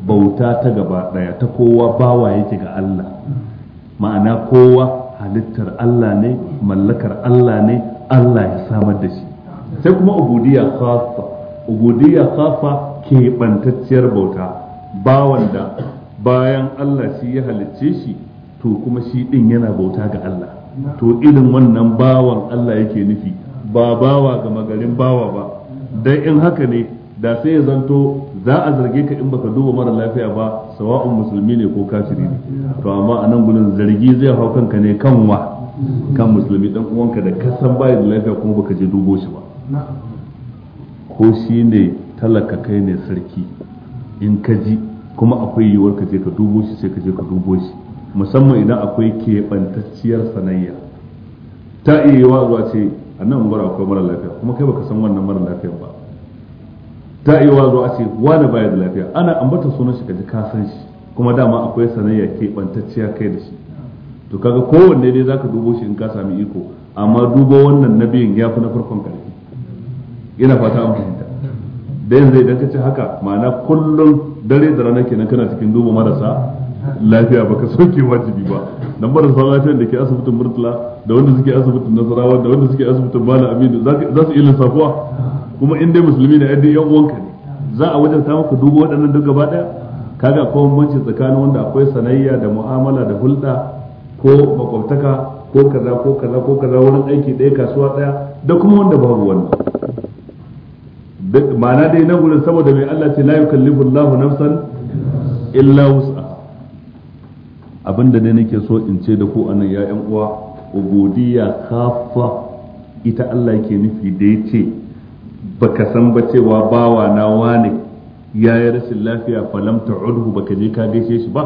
bauta ta gaba daya ta kowa bawa yake ga Allah ma'ana kowa halittar Allah ne mallakar Allah ne Allah ya samar da shi sai kuma ubudiyya khassa ubudiyya khassa ke bantacciyar bauta bawan da bayan Allah shi ya halicce shi to kuma shi din yana bauta ga Allah to irin wannan bawan Allah yake nufi ba bawa ga magarin bawa ba dan in haka ne da sai ya zanto za a zarge ka in baka duba mara lafiya ba sawa'un musulmi ne ko kafiri ne to amma a nan gudun zargi zai hau kanka ne kan wa kan musulmi dan uwanka da kasan bai da lafiya kuma baka je dubo shi ba ko shi ne talaka kai ne sarki in ka ji kuma akwai yiwuwar ka je ka dubo shi sai ka je ka dubo shi musamman idan akwai keɓantacciyar sanayya ta iya yi wa ce a nan gwara akwai mara lafiya kuma kai baka san wannan mara lafiya ba ta iya wa zuwa ce wani baya da lafiya ana ambata sunan shi kaji ka san shi kuma dama akwai sanayya keɓantacciya kai da shi to kaga kowanne dai zaka dubo shi in ka sami iko amma dubo wannan na biyun ya fi na farkon karfi ina fata an fahimta da yanzu idan ka ce haka ma'ana kullum dare da rana kenan kana cikin duba marasa lafiya baka soke wajibi ba dan marasa lafiyar da ke asibitin murtala da wanda suke asibitin nasarawa da wanda suke asibitin malam aminu za su ilin safuwa kuma in dai musulmi ne dai yan uwanka ne za a wajen ta maka dubo waɗannan duk gaba ɗaya kaga akwai bambanci tsakanin wanda akwai sanayya da mu'amala da hulɗa ko makwabtaka ko kaza ko kaza ko kaza wurin aiki ɗaya kasuwa ɗaya da kuma wanda babu wannan ma'ana dai nan gudun saboda mai Allah ce la yukallifu Allahu nafsan illa wusa abinda ne nake so in ce da ku anan ya yan uwa ubudiyya kafa ita Allah yake nufi da yace baka san ba cewa bawa na wane ya yi rashin lafiya falam ta'udhu baka je ka gaishe shi ba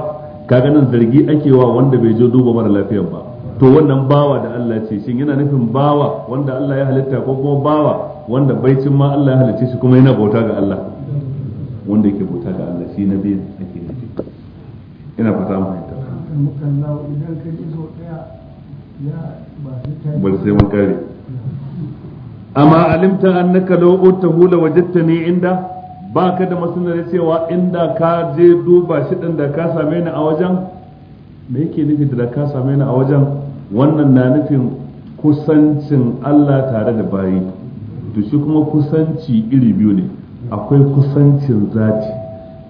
kaga nan zargi ake wa wanda bai je duba mara lafiyar ba to wannan bawa da Allah ce shin yana nufin bawa wanda Allah ya halitta ko kuma bawa wanda bai cin ma Allah ya halicce shi kuma yana bauta ga Allah wanda yake bauta ga Allah shi na biyan ake nufi ina fata mu idan ka sai mun kare amma alimta annaka law utahu la wajadtani inda ba da masanar cewa inda ka je duba shi din da ka same ni a wajen me yake nufi da ka same ni a wajen wannan na nufin kusancin Allah tare da bayi to shi kuma kusanci iri biyu ne akwai kusancin zati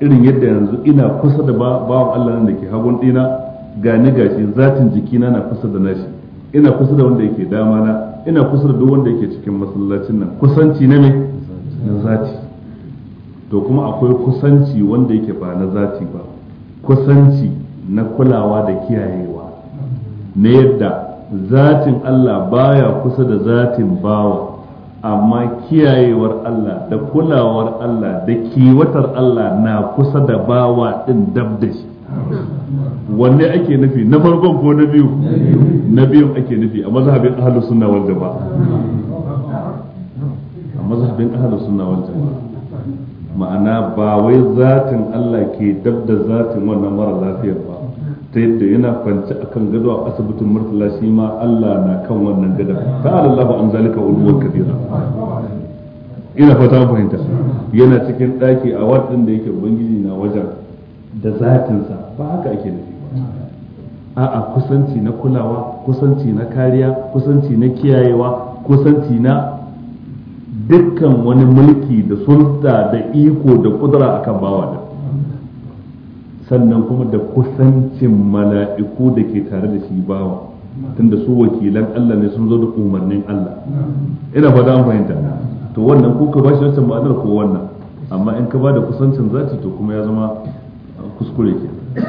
irin yadda yanzu ina kusa da bawan Allah nan da ke hagun dina gani gashi zatin jikina na kusa da nashi ina kusa da wanda yake dama na ina kusa da duk wanda yake cikin masallacin nan kusanci na me na zati to kuma akwai kusanci wanda yake ba na zati ba kusanci na kulawa da kiyayewa na yadda zatin Allah baya kusa da zatin bawa amma kiyayewar Allah da kulawar Allah da kiwatar Allah na kusa da bawa ɗin dab da shi wanne ake nufi na farkon ko na biyu na biyun ake nufi a mazhabin ahlus sunna wal jamaa a mazhabin ahlus sunna wal jamaa ma'ana ba wai zatin Allah ke dab da zatin wannan mara lafiyar ba ta yadda yana kwance akan gado a asibitin murtala shi ma Allah na kan wannan gada ta Allahu an zalika ulwan kabira ina fata fahimta yana cikin daki a wadin da yake ubangiji na wajen da zatinsa ba haka ake nufi ba a'a kusanci na kulawa kusanci na kariya kusanci na kiyayewa kusanci na dukkan wani mulki da sulta da iko da kudura akan bawa da sannan kuma da kusancin mala'iku da ke tare da shi bawa tun da su wakilan Allah ne sun zo da umarnin Allah ina da an fahimta to wannan ko ka bashi wancan ma'anar ko wannan amma in ka ba da kusancin zaci to kuma ya zama kuskure ke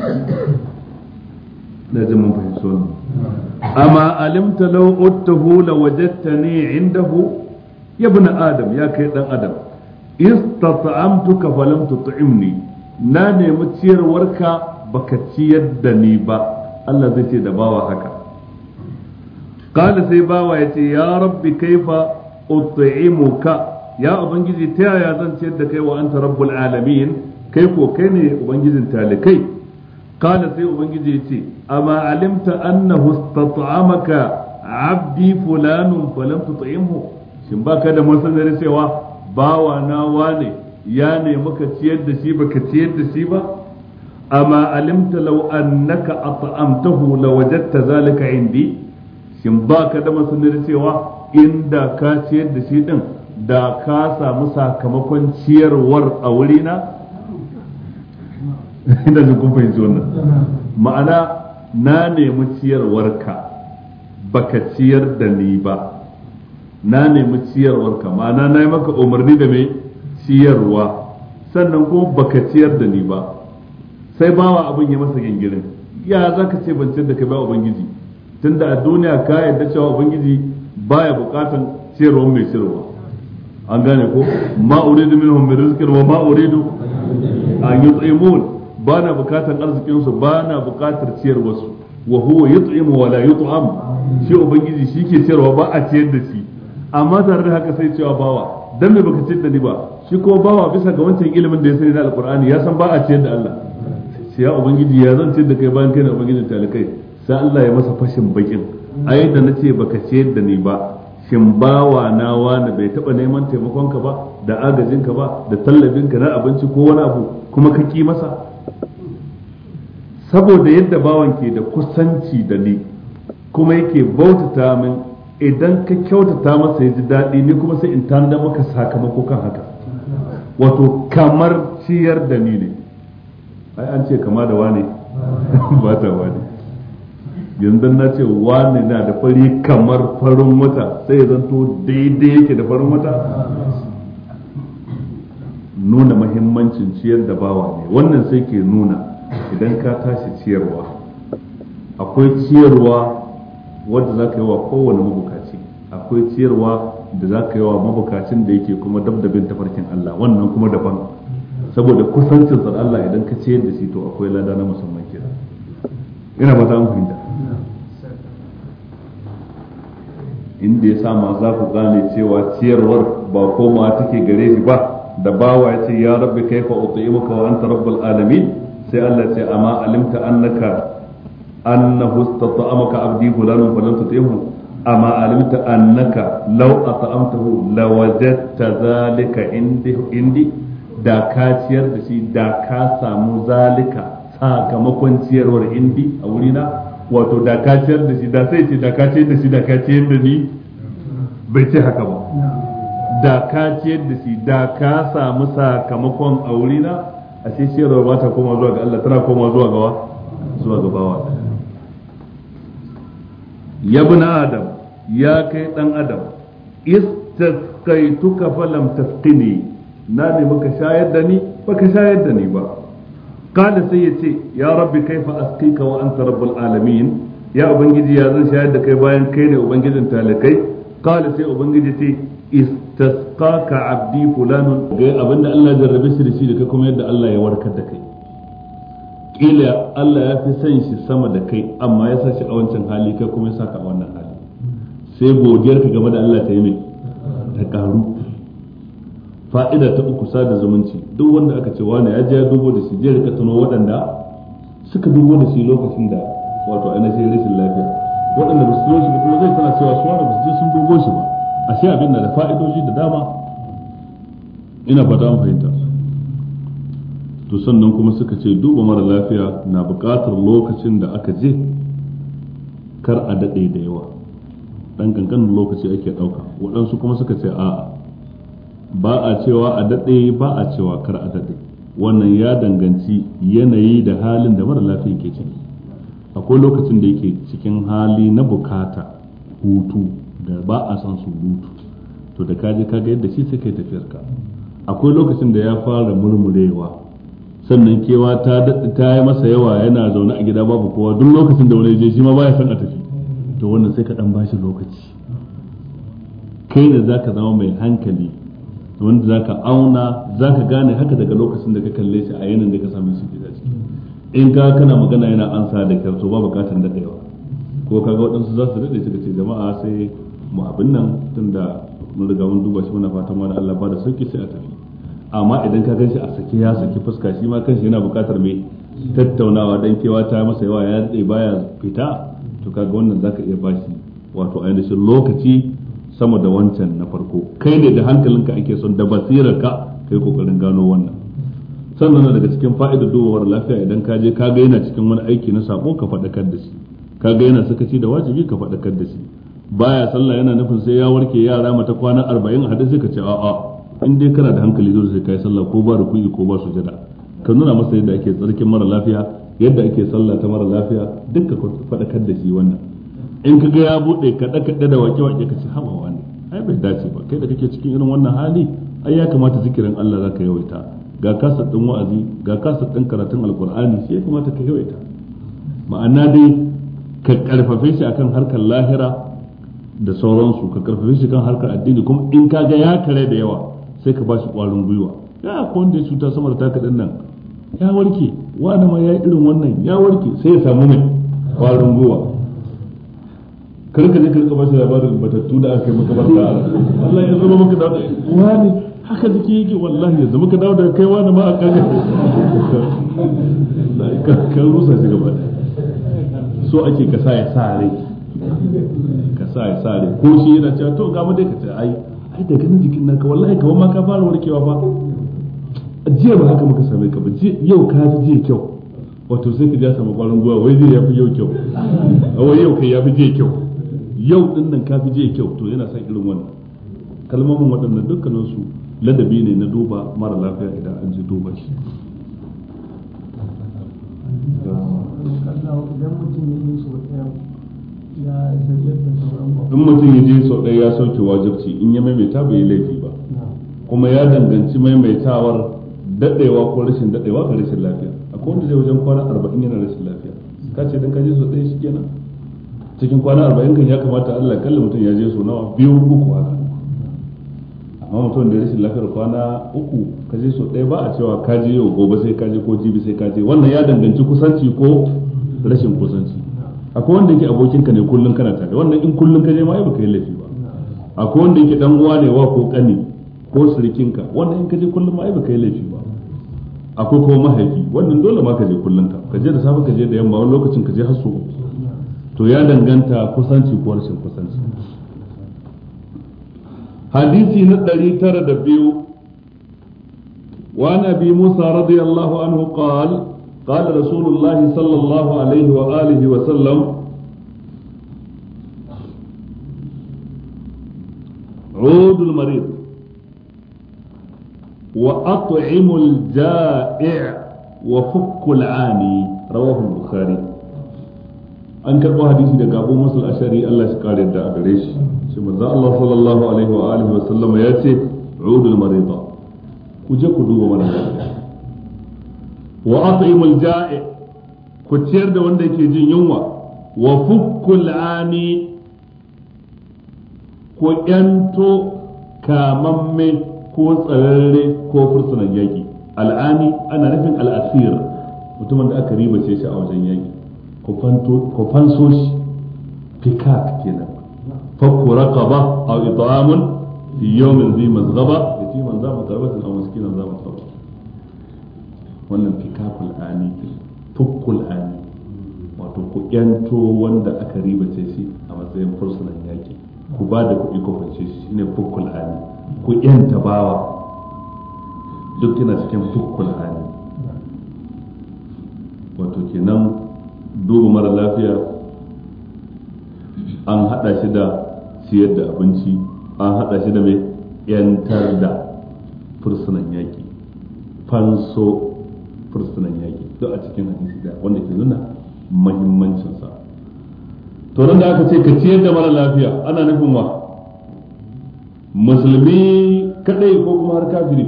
da jin mun fahimci wannan amma alimta law uttahu la wajadtani indahu ya adam ya kai dan adam istata'amtuka falam tut'imni na nemi ciyarwarka baka ciyar da ni ba Allah zai ce da bawa haka qala sai bawa yace ya rabbi kaifa ut'imuka ya ubangiji ta yaya zan ciyar da kai wa anta rabbul alamin kai ko kai ne ubangijin talikai kala sai ubangiji ya ce amma alimta annahu tat'amaka abdi fulanun falam tut'imhu shin baka da masanar cewa bawa na wane ya ne maka ciyar da shi baka ciyar da shi ba amma alimta law annaka at'amtahu lawajadta zalika indi shin baka da masanar cewa inda ka ciyar da shi din da ka samu sakamakon ciyarwar a wurina ina jin kun fahimci wannan ma'ana na nemi ciyarwarka baka ciyar da ni ba na nemi ciyarwarka ma'ana na yi maka umarni da mai ciyarwa sannan kuma baka ciyar da ni ba sai bawa abin ya masa gingirin ya za ka ce ban da ka ba ubangiji tunda a duniya ka yadda cewa ubangiji baya bukatan ciyarwa mai ciyarwa an gane ko ma min minhum min wa ma uridu an yut'imun ba na bukatar arzikinsu ba na bukatar wasu. wa huwa yut'imu wa la yut'am shi ubangiji shi ke ciyarwa ba a ciyar da shi amma tare da haka sai cewa bawa dan me baka ciyar da ni ba shi ko bawa bisa ga wancan ilimin da ya sani na alqur'ani ya san ba a ciyar da Allah sai ya ubangiji ya zan da kai bayan kai na ubangiji talakai sai Allah ya masa fashin bakin ai da nace baka ciyar da ni ba shin bawa na wani bai taba neman taimakonka ba da agajinka ba da tallabinka na abinci ko wani abu kuma ka ki masa saboda yadda bawan ke da kusanci da ni kuma yake bautata min idan ka kyautata masa ya ji daɗi ni kuma sai in tanda maka sakamako kan haka wato kamar ciyar da ni ne ai an ce kama da wane ba ta wane yanzu na ce wane na da fari kamar farin wata sai zan to daidai yake da farin wata nuna mahimmancin ciyar da bawa ne wannan sai ke nuna idan ka tashi ciyarwa akwai ciyarwa wadda za ka yi wa kowane mabukaci akwai ciyarwa da za ka yi wa mabukacin da yake kuma dabdabin tafarkin Allah wannan kuma daban saboda kusancin sa Allah idan ka ciyar da shi to akwai lada na musamman kira ina ba ta fahimta inda ya sa ma za ku gane cewa ciyarwar ba koma take gare shi ba da bawa ya ce ya rabbi kaifa utimuka wa anta rabbul alamin sai Allah ce amma alimta annaka annahu istata'amaka abdi fulanun falam tutihu amma alimta annaka law at'amtahu lawajadta zalika indi indi da ka ciyar da shi da ka samu zalika sakamakon ciyarwar indi a wurina wato da ka ciyar da shi da sai ce da ka ciyar da shi da ka ciyar da ni bai ce haka ba da ka ciyar da shi da ka samu sakamakon a wurina a ce ba ta koma zuwa ga Allah tana koma zuwa ga zuwa ga bawa ya adam ya kai dan adam istaskaituka falam tasqini na ne baka shayar da ni baka shayar da ni ba kada sai ya ce ya rabbi kaifa asqika wa anta rabbul alamin ya ubangiji ya zan shayar da kai bayan kai ne ubangijin talakai kada sai ubangiji ce istasqaka abdi fulanun ga abinda Allah ya jarrabe shi da shi da kai kuma yadda Allah ya warkar da kai kila Allah ya fi son shi sama da kai amma ya sa shi a wancan hali kai kuma ya sa ka a wannan hali sai godiyar ka game da Allah ta yi mai ta karu fa'ida ta uku sada zumunci duk wanda aka ce wani ya ja dubo da shi je rika tuno waɗanda suka dubo da shi lokacin da wato ainihin rashin lafiya waɗanda ba su tuno shi ba kuma zai tana cewa su wani ba su je sun dubo shi ba ashe abin na da fa'idoji da dama ina fata mu fahimta to sannan kuma suka ce duba mara lafiya na buƙatar lokacin da aka je kar a daɗe da yawa ɗan ƙanƙanin lokaci ake ɗauka waɗansu kuma suka ce a'a ba a cewa a daɗe ba a cewa kar a daɗe wannan ya danganci yanayi da halin da mara lafiya ke ciki akwai lokacin da yake cikin hali na bukata hutu da ba a son surutu to da kaje kaga yadda shi suke tafiyar ka akwai lokacin da ya fara murmurewa sannan kewa ta ta yi masa yawa yana zaune a gida babu kowa duk lokacin da wani je shi ma baya son a tafi to wannan sai ka dan bashi lokaci kai da zaka zama mai hankali wanda zaka auna zaka gane haka daga lokacin da ka kalle shi a yanayin da ka same shi gida ciki in ka kana magana yana ansa da kyau to ba bukatan daɗewa ko kaga waɗansu za su daɗe suka ce jama'a sai mu abin nan tun da mun riga mun duba shi muna fatan wani Allah ba da sauki sai a tafi amma idan ka gan shi a sake ya saki fuska shi ma kanshi yana buƙatar mai tattaunawa dan kewa ta masa yawa ya dai baya fita to kaga wannan zaka iya bashi wato ainihin lokaci sama da wancan na farko kai ne da hankalinka ake son da basirarka kai kokarin gano wannan sannan daga cikin fa'idar dubawar lafiya idan ka je ka ga yana cikin wani aiki na sako ka faɗakar da shi ka ga yana sakaci da wajibi ka faɗakar da shi baya sallah yana nufin sai ya warke yara mata kwana 40 a sai ka ce a'a in dai kana da hankali dole sai kai sallah ko ba ruku'i ko ba jada ka nuna masa yadda ake tsarkin mara lafiya yadda ake sallah ta mara lafiya duka ka faɗakar da shi wannan in ka ga ya buɗe kaɗe kaɗe da wake wake ka ce haba wani ai bai dace ba kai da kake cikin irin wannan hali ai ya kamata zikirin Allah zaka yawaita ga kasa ɗin wa'azi ga kasa ɗin karatun alkur'ani shi ya kamata ka yawaita ma'ana dai ka ƙarfafe shi akan harkar lahira da sauransu ka karfafi shi kan harkar addini kuma in ka ga ya kare da yawa sai ka bashi kwarin gwiwa ya ko wanda ya cuta sama da taka nan ya warke wani ma ya yi irin wannan ya warke sai ya samu mai kwarin gwiwa karka ne karka bashi labarin batattu da aka yi maka barka Allah ya zama maka da wani haka jiki yake wallahi zama ka dawo daga kai wani ma a kan rusa shi gaba so ake kasa ya sa rai ka sa ya sa rai ko shi yana cewa to ga dai ka ce ai ai da ganin jikin naka wallahi kamar ma ka fara warkewa fa jiya ba haka muka same ka ba yau ka fi jiya kyau wato sai ka ja sama kwarin gwiwa wai jiya ya fi yau kyau wai yau kai yafi jiya kyau yau din nan ka fi jiya kyau to yana sa irin wannan kalmomin waɗannan dukkaninsu ladabi ne na duba mara lafiya idan an ji duba shi idan mutum ya yi so in mutum ya je sau ɗaya ya sauke wajibci in ya maimaita bai yi laifi ba kuma ya danganci maimaitawar daɗewa ko rashin daɗewa ga rashin lafiya a wanda zai wajen kwana arba'in yana rashin lafiya ka ce dan ka je sau ɗaya shi kenan cikin kwana arba'in kan ya kamata allah kalla mutum ya je sau nawa biyu uku haka amma mutum da rashin lafiyar kwana uku ka je sau ɗaya ba a cewa ka je yau gobe sai ka je ko jibi sai ka je wannan ya danganci kusanci ko rashin kusanci akwai wanda yake abokin ka ne kullun kana tare wannan in kullun ka je ma ai baka yi laifi ba akwai wanda yake dan uwa ne wa ko kani ko surikin ka wannan in ka je kullun ma ai baka yi laifi ba akwai kuma mahaifi wannan dole ma ka je kullun ka ka je da safe ka je da yamma wani lokacin ka je har su to ya danganta kusanci ko rashin kusanci hadisi na tara biyu. وعن ابي موسى musa radiyallahu anhu qala قال رسول الله صلى الله عليه وآله وسلم عود المريض وأطعم الجائع وفك العاني رواه البخاري an karbo hadisi da abu musul ashari Allah shi kare a gare shi shi Allah sallallahu alaihi wa sallam ya ce ku je ku duba mara wa at'imul ja'i ku ciyar da wanda yake jin yunwa wa fukkul ani ku yanto kamamme ko tsararre ko fursunan yaki al'ani ana nufin al'asir mutumin da aka ribace shi a wajen yaki ku fanso shi fikak kenan fakku raqaba aw it'amun za mu za mu wannan fikakul ani fukkul ani wato ku yanto wanda aka ribace shi a matsayin fursunan yaƙi ku ba da kuɗi ku fance shi shine fukkul ani ku yanta bawa duk yana cikin fukkul ani wato kenan duba mara lafiya an haɗa shi da siyar da abinci an haɗa shi da mai yantar da fursunan yaƙi fanso fursunan yaƙi duk a cikin hadisi da wanda ke nuna muhimmancin sa to nan da aka ce ka ciyar da mara lafiya ana nufin wa musulmi kadai ko kuma har kafiri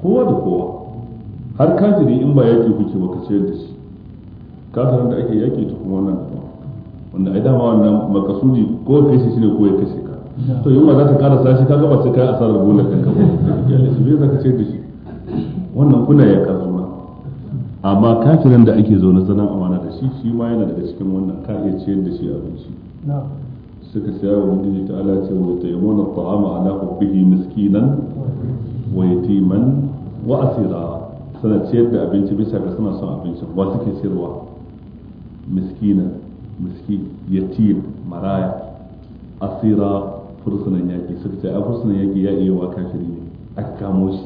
kowa da kowa har kafiri in ba yaƙi kuke ba ka ciyar da shi kafirin da ake yaƙi to kuma wannan wanda ai dama wannan makasudi ko kai kashe shi ne ko ya kashe to yunwa za ta karasa shi ka gaba sai kai asarar gonar ka kafa ya lissu bai ka ce da shi wannan kuna ya kazuma amma kafirin da ake zaune sanan amana da shi shi ma yana daga cikin wannan ka iya ciyar da shi abinci suka siya wa wani ta ala ce wa tayyamuna ta'ama ala hubbihi miskinan wa yatiman wa asira suna ciyar da abinci bisa ga suna son abinci wa suke ciyarwa miskinan miski yatim maraya asira fursunan yaki suka ce a fursunan yaki ya iya wa kafiri ne aka kamo shi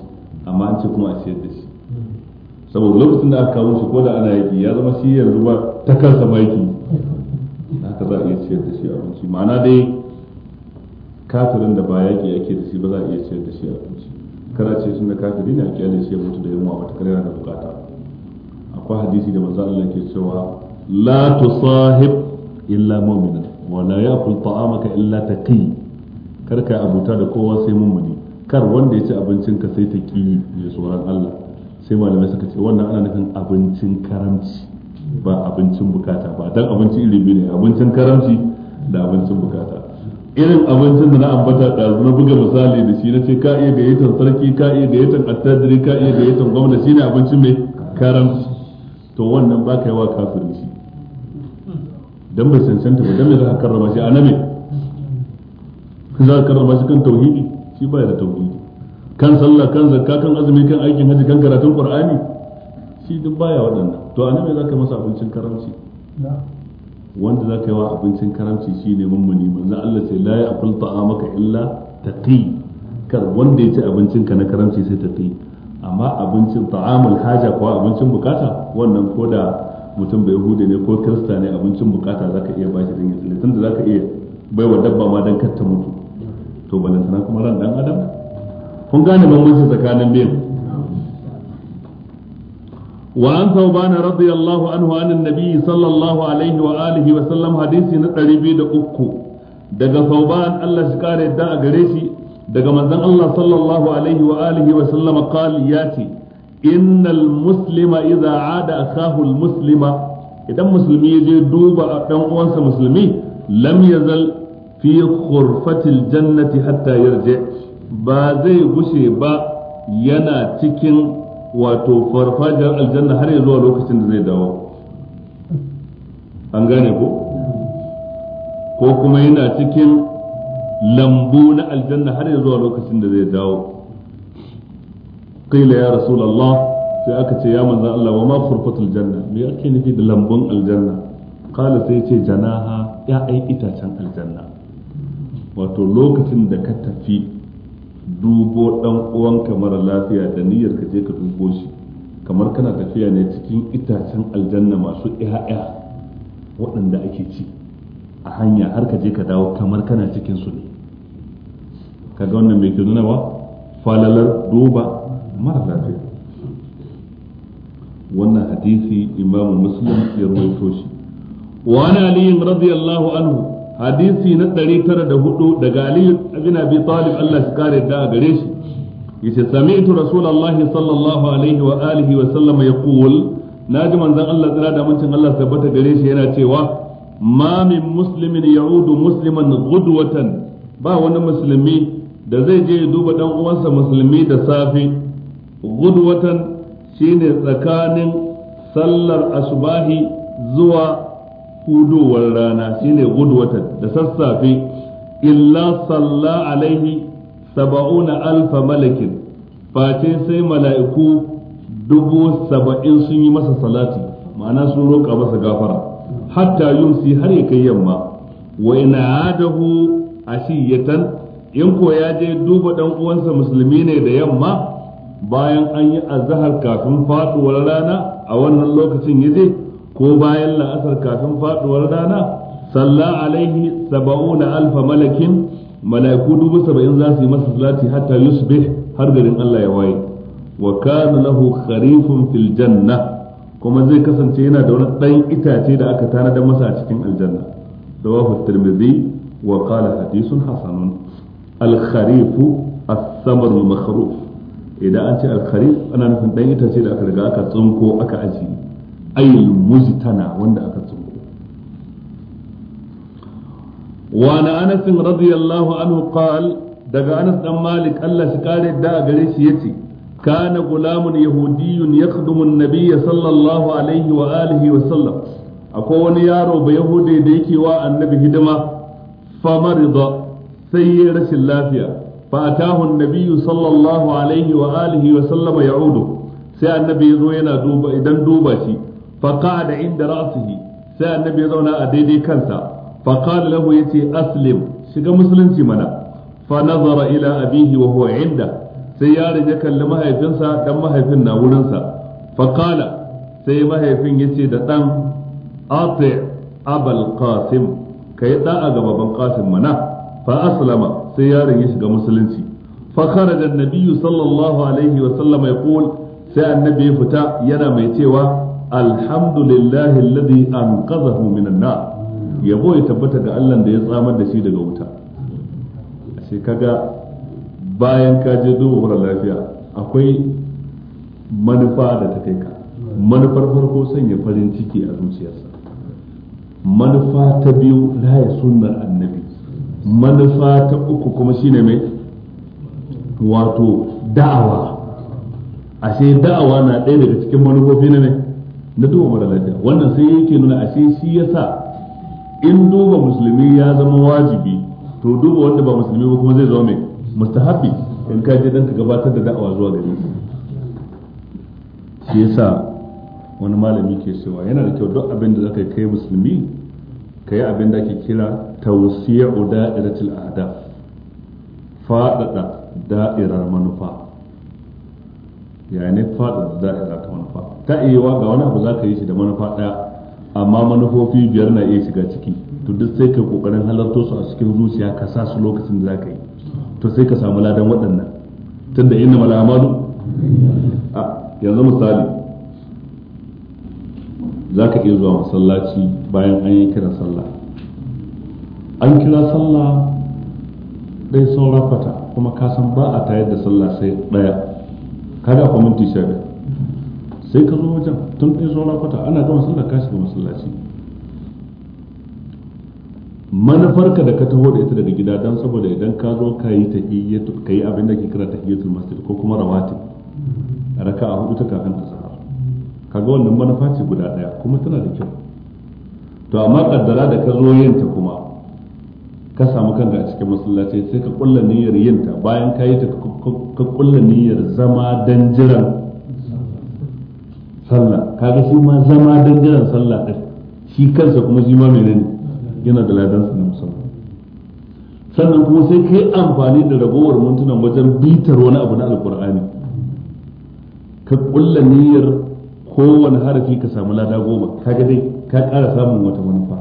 amma an ce kuma a siyar da shi saboda lokacin da aka kawo shi ko da ana yaƙi ya zama shi yanzu ba ta kansa ma yaki haka za a iya siyar da shi abinci ma'ana dai kafirin da ba yaki ake da shi ba za a iya siyar da shi abinci kana ce sun da kafiri ne a kyale shi ya mutu da yunwa wata kare da bukata akwai hadisi da manzo Allah ke cewa la tusahib illa mu'mina wa la ya'kul ta'amaka illa taqi kar ka abuta da kowa sai mun muni kar wanda ya ci abincin ka sai ta ki ya sauran Allah sai malamai suka ce wannan ana nufin abincin karamci ba abincin bukata ba dan abinci iri biyu ne abincin karamci da abincin bukata irin abincin da na ambata da na buga misali da shi na ce ka iya yatan sarki ka iya yatan attajiri ka iya yatan gwamna shine abincin mai karamci to wannan ba ka yi wa kafirin shi dan bai cancanta ba dan mai zaka karrama shi a na me za ka karrama shi kan tauhidi shi baya da tauhidi kan sallah kan zakka kan azumi kan aikin haji kan karatun qur'ani shi duk baya waɗannan to anan me zaka masa abincin karamci wanda zaka yi wa abincin karamci shine mummuni manzo Allah sai la ya'kul ta'amaka illa taqi kar wanda ya ci abincin ka na karamci sai taqi amma abincin ta'amul haja ko abincin bukata wannan ko da mutum bai hude ne ko kirista ne abincin bukata zaka iya bashi dan ya tunda zaka iya baiwa dabba ma dan kar mutu to balantana kuma ran dan adam kun gane bambanci tsakanin biyan وعن ثوبان رضي Anhu عنه عن النبي صلى الله عليه وآله وسلم حديث نتربي دقو daga ثوبان da شكار يدعى قريشي daga manzon Allah sallallahu alaihi wa alihi wa sallama qal yati innal muslima al muslima idan musulmi ya je duba dan uwansa musulmi lam yazal fi khurfatil jannati hatta yarji ba zai gushe ba yana cikin wato farfajiyar aljanna har ya zuwa lokacin da zai dawo an gane ko ko kuma yana cikin lambu na aljanna har ya zuwa lokacin da zai dawo qila ya rasulullah sai aka ce ya manzo Allah wa ma janna me yake nufi da lambun aljanna qala sai ce janaha ya ai itacen aljanna wato lokacin da ka tafi dubo dan uwanka mara lafiya da niyyar ka je ka dubo shi kamar kana tafiya ne cikin itacen aljanna masu ƴaƴa waɗanda ake ci a hanya har ka je ka dawo kamar kana cikin su ne kaga wannan mai ke nuna ba falalar duba mara lafiya wannan hadisi imamu muslim ya rawaito shi wa ana radiyallahu anhu hadisi na 904 daga Ali bin Abi Talib Allah shi kare da gare shi yace sami'tu rasulullah sallallahu alaihi wa alihi wa sallam yaqul naji manzon Allah tsira da mutum Allah tabbata gare shi yana cewa ma min muslimin ya'udu musliman ghudwatan ba wani musulmi da zai je ya duba dan uwansa musulmi da safe ghudwatan shine tsakanin sallar asubahi zuwa hudowar rana shine wata da sassafe illa salla alaihi saba'una alfa malakin face sai mala'iku dubu saba'in sun yi masa salati ma'ana sun roƙa masa gafara hatta yumsi har ya kai yamma wa ina adahu ashiyatan in ko ya je duba dan uwansa musulmi ne da yamma bayan an yi azhar kafin faduwar rana a wannan lokacin yaje ko bayan la'asar kafin faduwar rana salla alaihi saba'una alfa malakin mala'iku dubu saba'in za su yi masa salati hatta yusbih har garin Allah ya waye wa kana lahu kharifun fil janna kuma zai kasance yana da wani ɗan itace da aka tanada masa a cikin aljanna rawahu tirmidhi wa qala hadithun hasanun al kharifu as al idan an ce al kharif ana nufin ɗan itace da aka riga aka tsinko aka ajiye ayyul mujtana wanda aka tsoro wa na anas radiyallahu anhu qal daga anas dan malik Allah shi kare da gare shi yace kana gulamun Yahudiyun yakhdumu an-nabiy sallallahu alaihi wa alihi wa sallam akwai wani yaro ba yahude da yake wa annabi hidima fa marida sai ya rashin lafiya fa atahu an-nabiy sallallahu alaihi wa alihi wa sallama ya'udu sai annabi ya zo yana duba idan duba shi فقعد inda رأسه sai annabi ya zauna a daidai kansa fa qala lahu yace aslim shiga musulunci mana fa nazara ila abihi wa huwa inda sai yaron ya kalli mahaifinsa dan mahaifin na wurin sa sai mahaifin yace da dan ati abul qasim kai da a gaban qasim mana fa aslama sai yaron ya shiga musulunci fa kharaja an sallallahu alaihi wa sallam yaqul sai annabi ya fita yana mai cewa alhamdulillahi alladhi anqadhahu minan nar yabo ya tabbata ga Allah da ya tsamar da shi daga wuta sai kaga bayan ka je duba lafiya akwai manufa da ta kai ka manufar farko sanya farin ciki a zuciyarsa manufa ta biyu raya sunnar annabi manufa ta uku kuma shine mai wato da'awa ashe da'awa na ɗaya daga cikin manufofi na mai na duba mara lafiya wannan sai yake nuna ashe shi yasa in duba musulmi ya zama wajibi to duba wanda ba musulmi ba kuma zai zama mai mustahabi in ka je dan ka gabatar da da'awa zuwa gare shi yasa wani malami ke cewa yana da kyau duk abin da zaka kai musulmi ka yi abin da ake kira tawsi'u da'iratul ahdaf fadada da'irar manufa yayin fadada manufa ta iya ga wani abu za ka yi shi da manufa ɗaya amma manufofi biyar na iya shiga ciki to duk sai ka kokarin halarto su a cikin zuciya ka sa su lokacin da za ka yi to sai ka samu ladan waɗannan tunda inna mala amalu a yanzu misali za ka iya zuwa masallaci bayan an yi kira sallah an kira sallah ɗaya sauran fata kuma ka san ba a tayar da sallah sai ɗaya kada kuma minti sha sai ka zo wajen tun ɗin saura kwata ana gama sallah ka shiga masallaci ka da ka taho da ita daga gida don saboda idan ka zo ka yi ka yi abin da ke kira tahiyyatul masjid ko kuma rawatib a hudu ta kafin ta sahar kaga wannan manufa ce guda daya kuma tana da kyau to amma kaddara da ka zo yin ta kuma ka samu kanka a cikin masallaci sai ka kulla niyyar yin ta bayan ka yi ta ka kulla niyyar zama dan jiran sallah kaga shi ma zama dangaren sallah din shi kansa kuma shi ma menene yana da ladan na musamman sannan kuma sai kai amfani da ragowar mintunan wajen bitar wani abu na alkur'ani ka kulla niyyar kowane harafi ka samu lada goma kaga dai ka ƙara samun wata manufa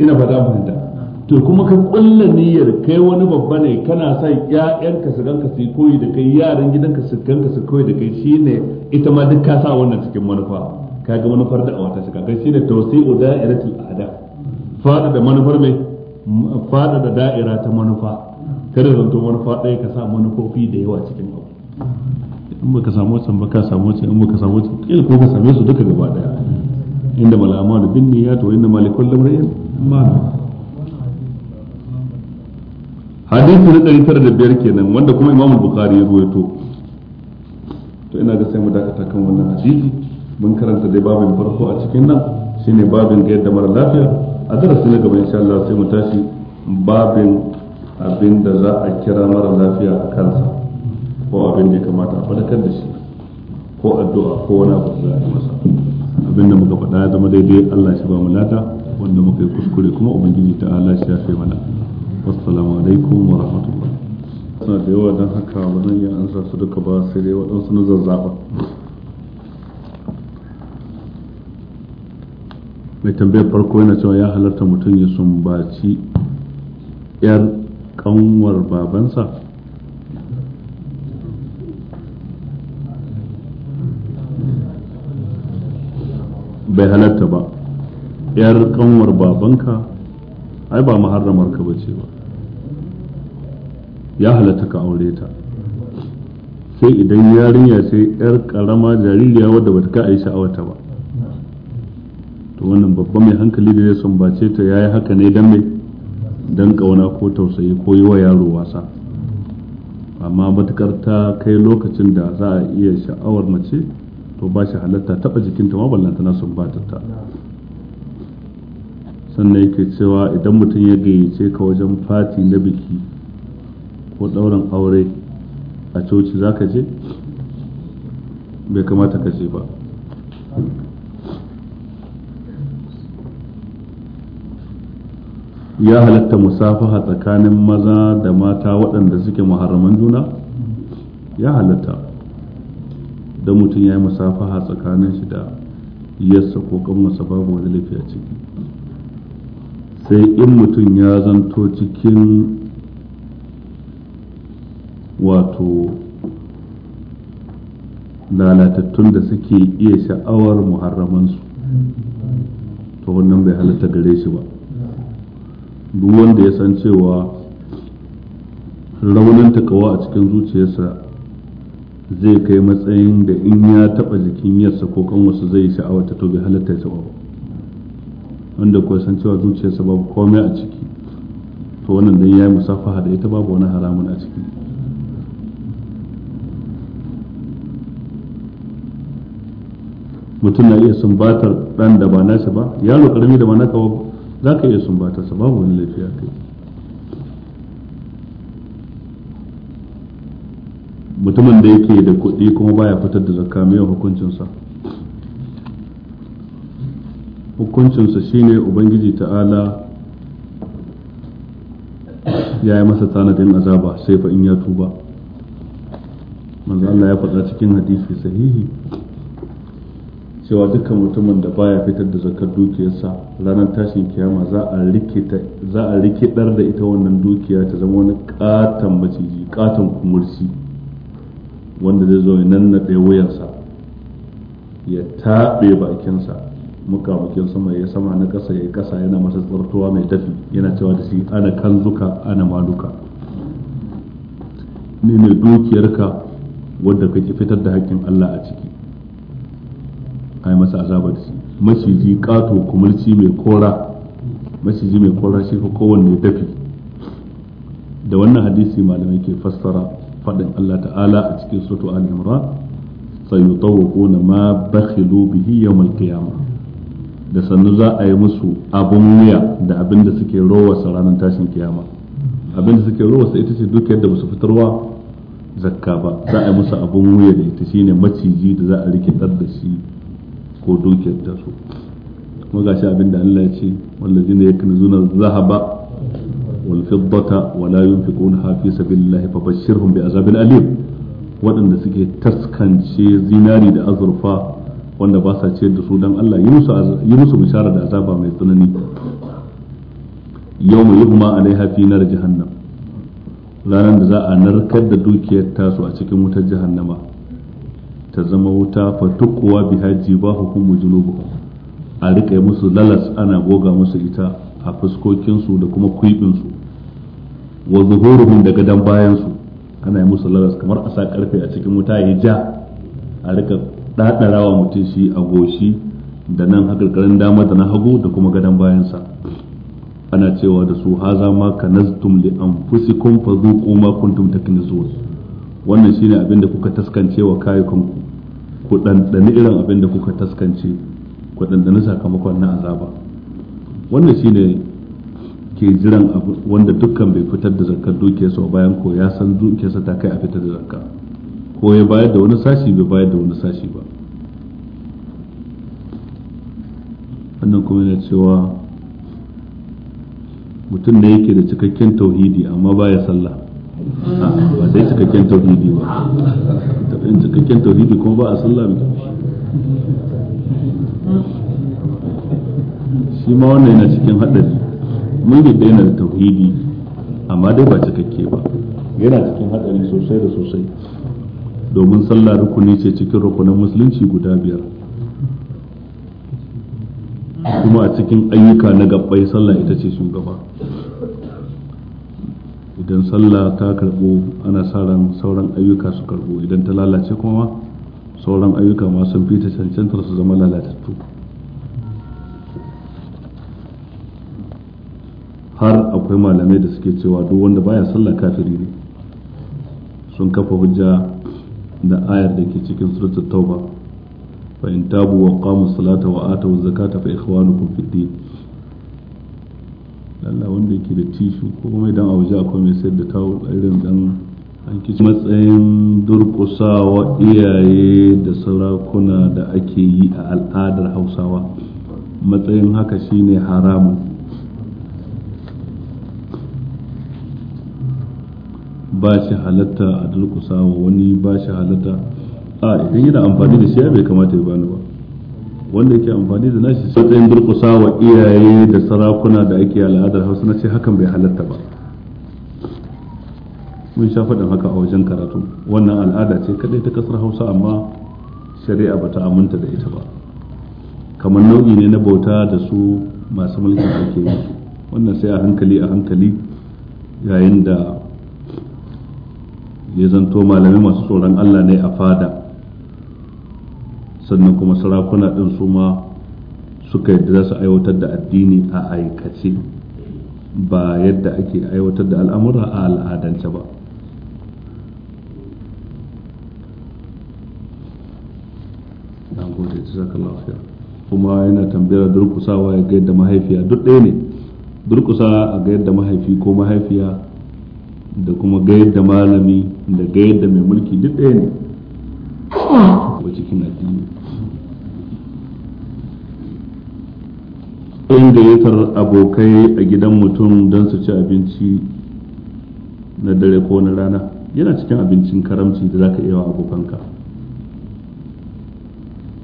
ina fata fahimta to kuma ka kulla niyyar kai wani babba ne kana sa ƴaƴanka su ganka su koyi da kai yaran gidanka su ganka su koyi da kai shine ita ma duk ka sa wannan cikin manufa kaga manufar da awata shi kaga shine tawsi'u da'iratul ada fada da manufar mai fada da da'ira ta manufa kada zanto manufa ɗaya ka sa manufofi da yawa cikin abu in baka samu wancan ba ka samu wancan in baka samu wancan kila ko ka same su duka gaba daya inda mal'amalu bin niyyat to inda malikul lamri'in ma hadisi na ɗari tara da biyar kenan wanda kuma imam bukhari ya ruwaito to ina ga sai mu dakata kan wannan hadisi mun karanta dai babin farko a cikin nan shine babin ga yadda mara lafiya a darasi na gaba insha Allah sai mu tashi babin abin da za a kira mara lafiya a kansa ko abin da ya kamata a falakar da shi ko addu'a ko wani abu za a yi masa abin da muka faɗa ya zama daidai Allah shi ba mu lada wanda muka yi kuskure kuma ubangiji ta Allah shi ya fi mana assalamu alaikum wa rahmatullah suna da yawa don haka ba zan iya ansa su duka ba sai dai waɗansu na zazzaba mai tambayar farko yana cewa ya halarta mutum ya sumbaci 'yar kanwar babansa bai halarta ba 'yar kanwar babanka ai ba muharramar ka bace ba ya halatta ka aure ta sai idan yarinya sai yar karama jaririya wadda bata ka a sha'awata ba to wannan babban mai hankali da ya sumbace ta yayi haka ne dan mai dan kauna ko tausayi ko yi wa yaro wasa amma matukar ta kai lokacin da za a iya sha'awar mace to ba shi halatta taba jikinta ma na sun ta sannan yake cewa idan mutum ya gayyace ka wajen fati na biki ko ɗaurin aure a coci za ka je bai kamata ka je ba ya halatta musafaha tsakanin maza da mata waɗanda suke maharaman juna ya halatta don mutum ya yi musafaha tsakanin shi da yassa ko kan masa babu wani laifi ciki sai in mutum ya zanto cikin wato lalatattun da suke iya sha'awar muharramansu to wannan bai halatta gare shi ba duk wanda ya san cewa raunin takawa a cikin zuciyarsa zai kai matsayin da in ya taɓa jikin yarsa ko kan wasu zai ta to bai halatta ya ba wanda kuwa san cewa zuciyarsa babu komai a ciki to wannan dan yayi musafaha da ita babu wani haramun a ciki mutum na iya sumbatar dan da ba nasa ba yaro karami da ba naka ba za ka iya sumbatarsa babu wani laifi kai mutumin da yake da kuɗi kuma baya fitar da zakka mai hukuncinsa hukuncinsa shine ubangiji ta'ala ya yi masa tanadin azaba sai fa in ya tuba manzo Allah ya faɗa cikin hadisi sahihi cewa dukkan mutumin da baya fitar da zakar dukiyarsa ranar tashin kiyama za a rike da ita wannan dukiya ta zama wani katon maciji katon kumurci wanda zai zo ya nannaɗe wuyarsa ya taɓe bakinsa mukamukin sama ya sama na ƙasa ya ƙasa yana masa tsartuwa mai tafi yana cewa da shi ana kanzuka ana maluka ne ne dukiyarka wadda kake fitar da haƙƙin Allah a ciki a yi masa azaba da shi maciji ƙato kumurci mai kora maciji mai kora shi ko kowanne dafi da wannan hadisi malamai ke fassara faɗin Allah ta'ala a cikin sutu al-imran sayutawquna ma bakhilu bihi yawm al-qiyamah da sannu za a yi musu abun wuya da abin da suke rowarsa ranar tashin kiyama abin da suke rowarsa ita ce yadda ba su fitarwa zakka ba za a yi musu abun wuya da ita shi ne maciji da za a rike ɗar da shi ko dukiyar ta su kuma shi abin da Allah ya ce kan zuna zahaba wal fiddata wala yunfiquna fi sabilillahi bi bi'azabin alim waɗanda suke taskance zinari da azurfa wanda ba sa ciyar da su don Allah yi musu bishara da azaba mai tsanani yau mai yuhuma laiha fi nar jahannam ranar da za a narkar da dukiyar tasu a cikin wutar jahannama ta zama wuta fa tuqwa bi hajji ba hukumu junubuhum a rika musu lalas ana goga musu ita a fuskokinsu da kuma kuibinsu wa zuhuruhun da gadon bayansu ana yi musu lalas kamar a sa karfe a cikin wuta ya ja a riƙa. ɗaɗarawa mutum shi a goshi da nan hakarkarin dama da na hagu da kuma gadon bayansa ana cewa da su haza ma kanaztum li anfusikum fadhuqu ma kuntum taknizun wannan shi ne abinda kuka taskance wa kayukan ku ɗanɗani irin abinda kuka taskance ku ɗanɗani sakamakon na azaba wannan shine ke jiran wanda dukkan bai fitar da zakar dukiyarsa bayan ko ya san dukiyarsa ta kai a fitar da zakar ko ya bayar da wani sashi bai bayar da wani sashi ba wannan kuma yana cewa mutum da yake da cikakken tauhidi amma ba ya sallah ba sai cikakken tauhidi ba tafiyan cikakken tauhidi kuma ba a sallah ba shi ma wannan yana cikin haɗari mun yadda yana da tauhidi amma dai ba cikakke ba yana cikin haɗari sosai da sosai domin sallah rukuni ce cikin rukunin musulunci guda biyar kuma a cikin ayyuka na gabbai sallah ita ce shugaba idan sallah ta karbo ana sa ran sauran ayyuka su karbo idan ta lalace kuma sauran ayyuka ma sun fita cancantar su zama lalatattu har akwai malamai da suke cewa duk wanda baya sallah kafiri ne sun kafa hujja da ayar da ke cikin suratul tauba fa in tabu wa qamu salata wa atu zakata fa ikhwanukum fid din Allah wanda yake da tishu ko kuma idan a waje akwai mai sayar da tawo irin dan an kici matsayin durƙusawa iyaye da sarakuna da ake yi a al'adar Hausawa matsayin haka shine haramun ba shi halatta a durkusa wa wani ba shi halatta a idan yana amfani da shi ya bai kamata ya bani ba wanda yake amfani da nashi sai tsayin durkusa wa iyaye da sarakuna da ake al'adar hausa na ce hakan bai halatta ba mun sha faɗin haka a wajen karatu wannan al'ada ce kadai ta kasar hausa amma shari'a ba ta aminta da ita ba kamar nau'i ne na bauta da su masu mulkin ake yi wannan sai a hankali a hankali yayin da ya zanto malami masu tsoron Allah ne a fada sannan kuma sarakuna ɗin su ma suka yadda za su aiwatar da addini a aikace ba yadda ake aiwatar da al'amura a al'adance ba lafiya kuma yana tambayar durkusawa ya ga yadda mahaifiya duk ɗaya ne durkusa a ga yadda mahaifi ko mahaifiya da kuma gayar da malami da gayar da mai mulki duk ɗaya ne wa cikin addini in gayyatar abokai a gidan mutum don su ci abinci na dare ko na rana yana cikin abincin karamci da za ka iya wa abokanka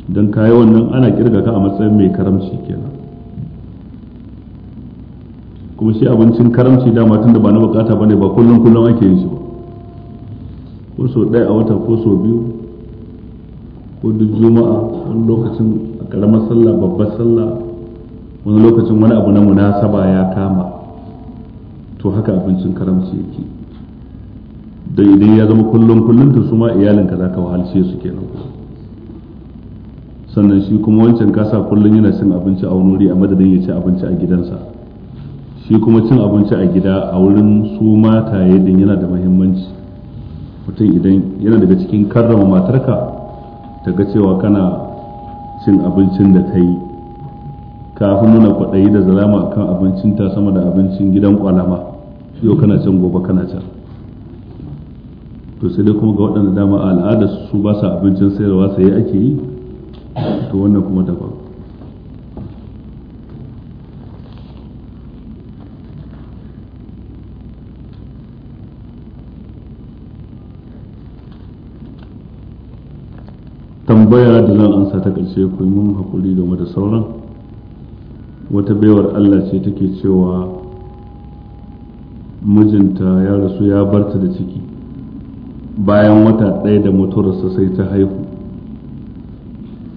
don kayi wannan ana kirga ka a matsayin mai karamci kenan kuma shi abincin karamci dama tun da ba na bukata bane ba kullum kullum ake yin shi ba ko so ɗaya a wata ko so biyu ko duk juma'a wani lokacin a karamar sallah babbar sallah wani lokacin wani abu na munasaba ya kama to haka abincin karamci yake da idan ya zama kullum kullum to su ma ka za ka wahalce su kenan sannan shi kuma wancan kasa kullum yana cin abinci a wani wuri a madadin ya ci abinci a gidansa shi kuma cin abinci a gida a wurin su mataye din yana da mahimmanci mutum idan yana daga cikin karrama matarka ta ga cewa kana cin abincin da ta yi kafin nuna kwaɗayi da zalama kan abincin ta sama da abincin gidan kwalama yau kana can gobe kana can to sai dai kuma ga waɗanda dama a al'adar su ba sa abincin sayarwa sai ake yi to wannan kuma daban wannan sa ta ƙarshe ku yi mun hakuri game da sauran wata baiwar Allah ce take cewa mijinta ya rasu ya barta da ciki bayan wata ɗaya da mutuwarsa sai ta haihu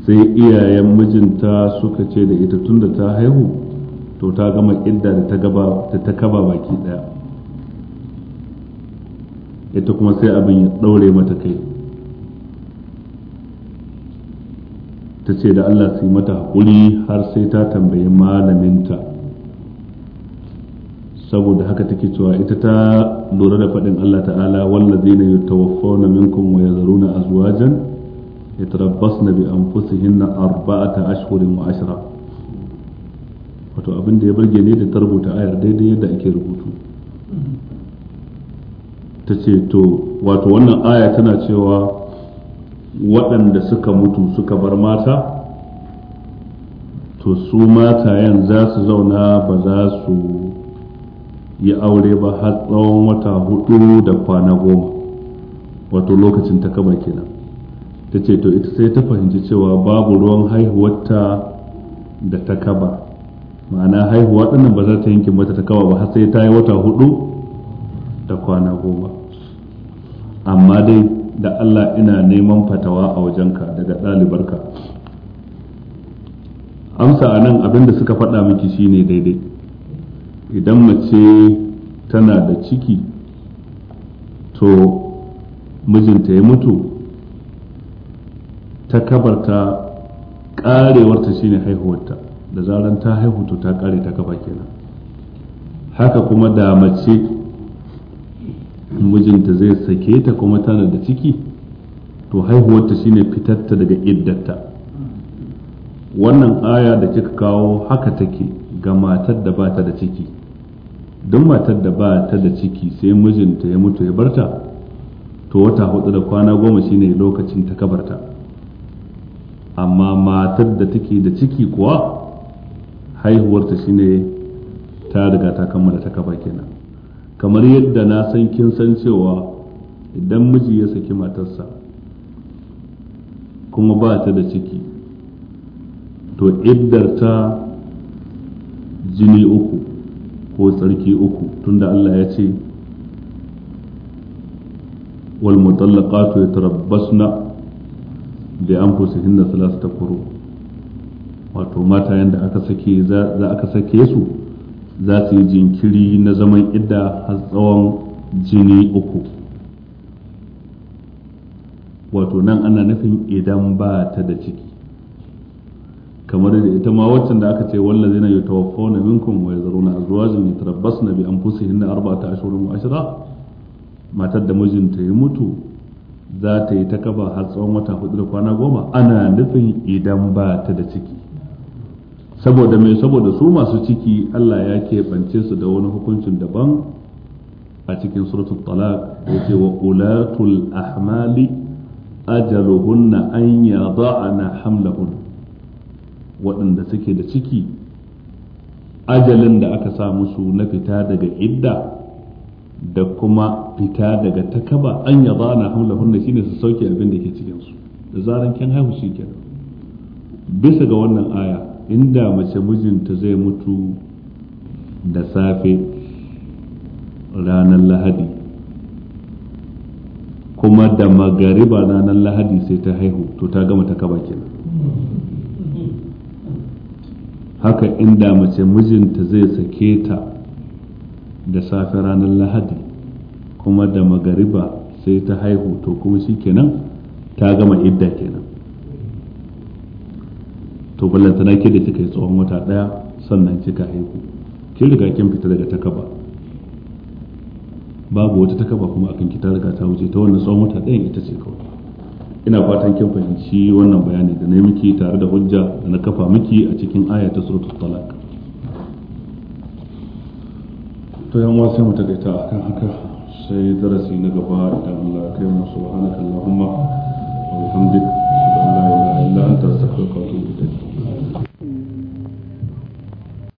sai iyayen mijinta suka ce da ita tunda ta haihu to ta gama idda da ta kaba baki ɗaya ita kuma sai abin ya ɗaure mata kai ta ce da Allah su yi mata haƙuri har sai ta tambayi malaminta saboda haka take cewa ita ta lura da faɗin Allah ta'ala wallazina yatawaffawna minkum wa yazaruna azwajan yatarabbasna bi anfusihinna arba'ata ashhurin wa ashra wato abin da ya burge ne da ta ayar daidai yadda ake rubutu ta ce to wato wannan aya tana cewa waɗanda suka mutu suka bar mata to su matayen za su zauna ba za su yi aure ba har tsawon wata hudu da kwana goma wato lokacin ta kama kenan ta ce to ita sai ta fahimci cewa babu ruwan haihuwarta da ta kaba ma'ana haihuwa ɗannan ba za ta yanke mata ta kaba ba har sai ta yi wata hudu da kwana goma amma dai da Allah ina neman fatawa a wajenka daga ɗalibarka amsa a nan da suka faɗa miki shine daidai idan mace tana da ciki to mijinta ya mutu ta kabarta ƙarewarta shine haihuwarta da zaran ta haihu to ta ƙare ta kafa kenan haka kuma da mace mijinta zai sake ta kuma tana da ciki to haihuwarta shine fitarta daga iddarta wannan aya da kika kawo haka take ga matar da bata da ciki don matar da bata da ciki sai mijinta ya mutu ya barta to wata hudu da kwana goma shine lokacin ta kabarta amma matar da take da ciki kuwa haihuwarta shine ta riga ta kammala ta kafa kenan kamar yadda na san kin san cewa idan miji ya saki matarsa kuma ba ta da ciki to ta jini uku ko tsarki uku tunda Allah ya ce wal mutallaqatu yatarabbasna bi anfusihinna thalathata quru wato mata yanda aka sake za aka sake su za su yi jinkiri na zaman idda har tsawon jini uku wato nan ana nufin idan ba ta da ciki kamar da ita ma waccan da aka ce wallan zina yi tawaffo na minkum wa yazaruna na yatarabbasna bi anfusihin na ta ashirin wa ashira?" matar da mijinta ya mutu za ta yi ta kaba har tsawon wata hudu da kwana goma ana nufin idan ba ta da ciki saboda mai saboda su masu ciki Allah ya keɓance su da wani hukuncin daban a cikin suratul talaq ya ce wa ulatul ahmali ajaluhunna an yada'ana hamlahun waɗanda suke da ciki ajalin da aka sa musu na fita daga idda da kuma fita daga takaba an yada'ana hamlahunna shine su sauke abin da ke cikin da zaran kin haihu shi shikenan bisa ga wannan aya inda mace mijinta zai mutu da safe ranar lahadi kuma da magariba ranar lahadi sai ta haihu to ta gama ta kaba kenan haka inda mace mijinta zai sake ta da safe ranar lahadi kuma da magariba sai ta haihu to kuma shi kenan ta gama idda kenan to ballantana ke da kika yi tsawon wata daya sannan kika haihu kin riga kin fita daga takaba babu wata takaba kuma akan ki ta riga ta wuce ta wannan tsawon wata daya ita ce kawai ina fatan kin fahimci wannan bayani da na miki tare da hujja da na kafa miki a cikin aya ta suratul talaq to yan wasu mu takaita akan haka sai darasi na gaba idan Allah kai mu subhanaka allahumma wa bihamdika la ilaha illa anta astaghfiruka wa atubu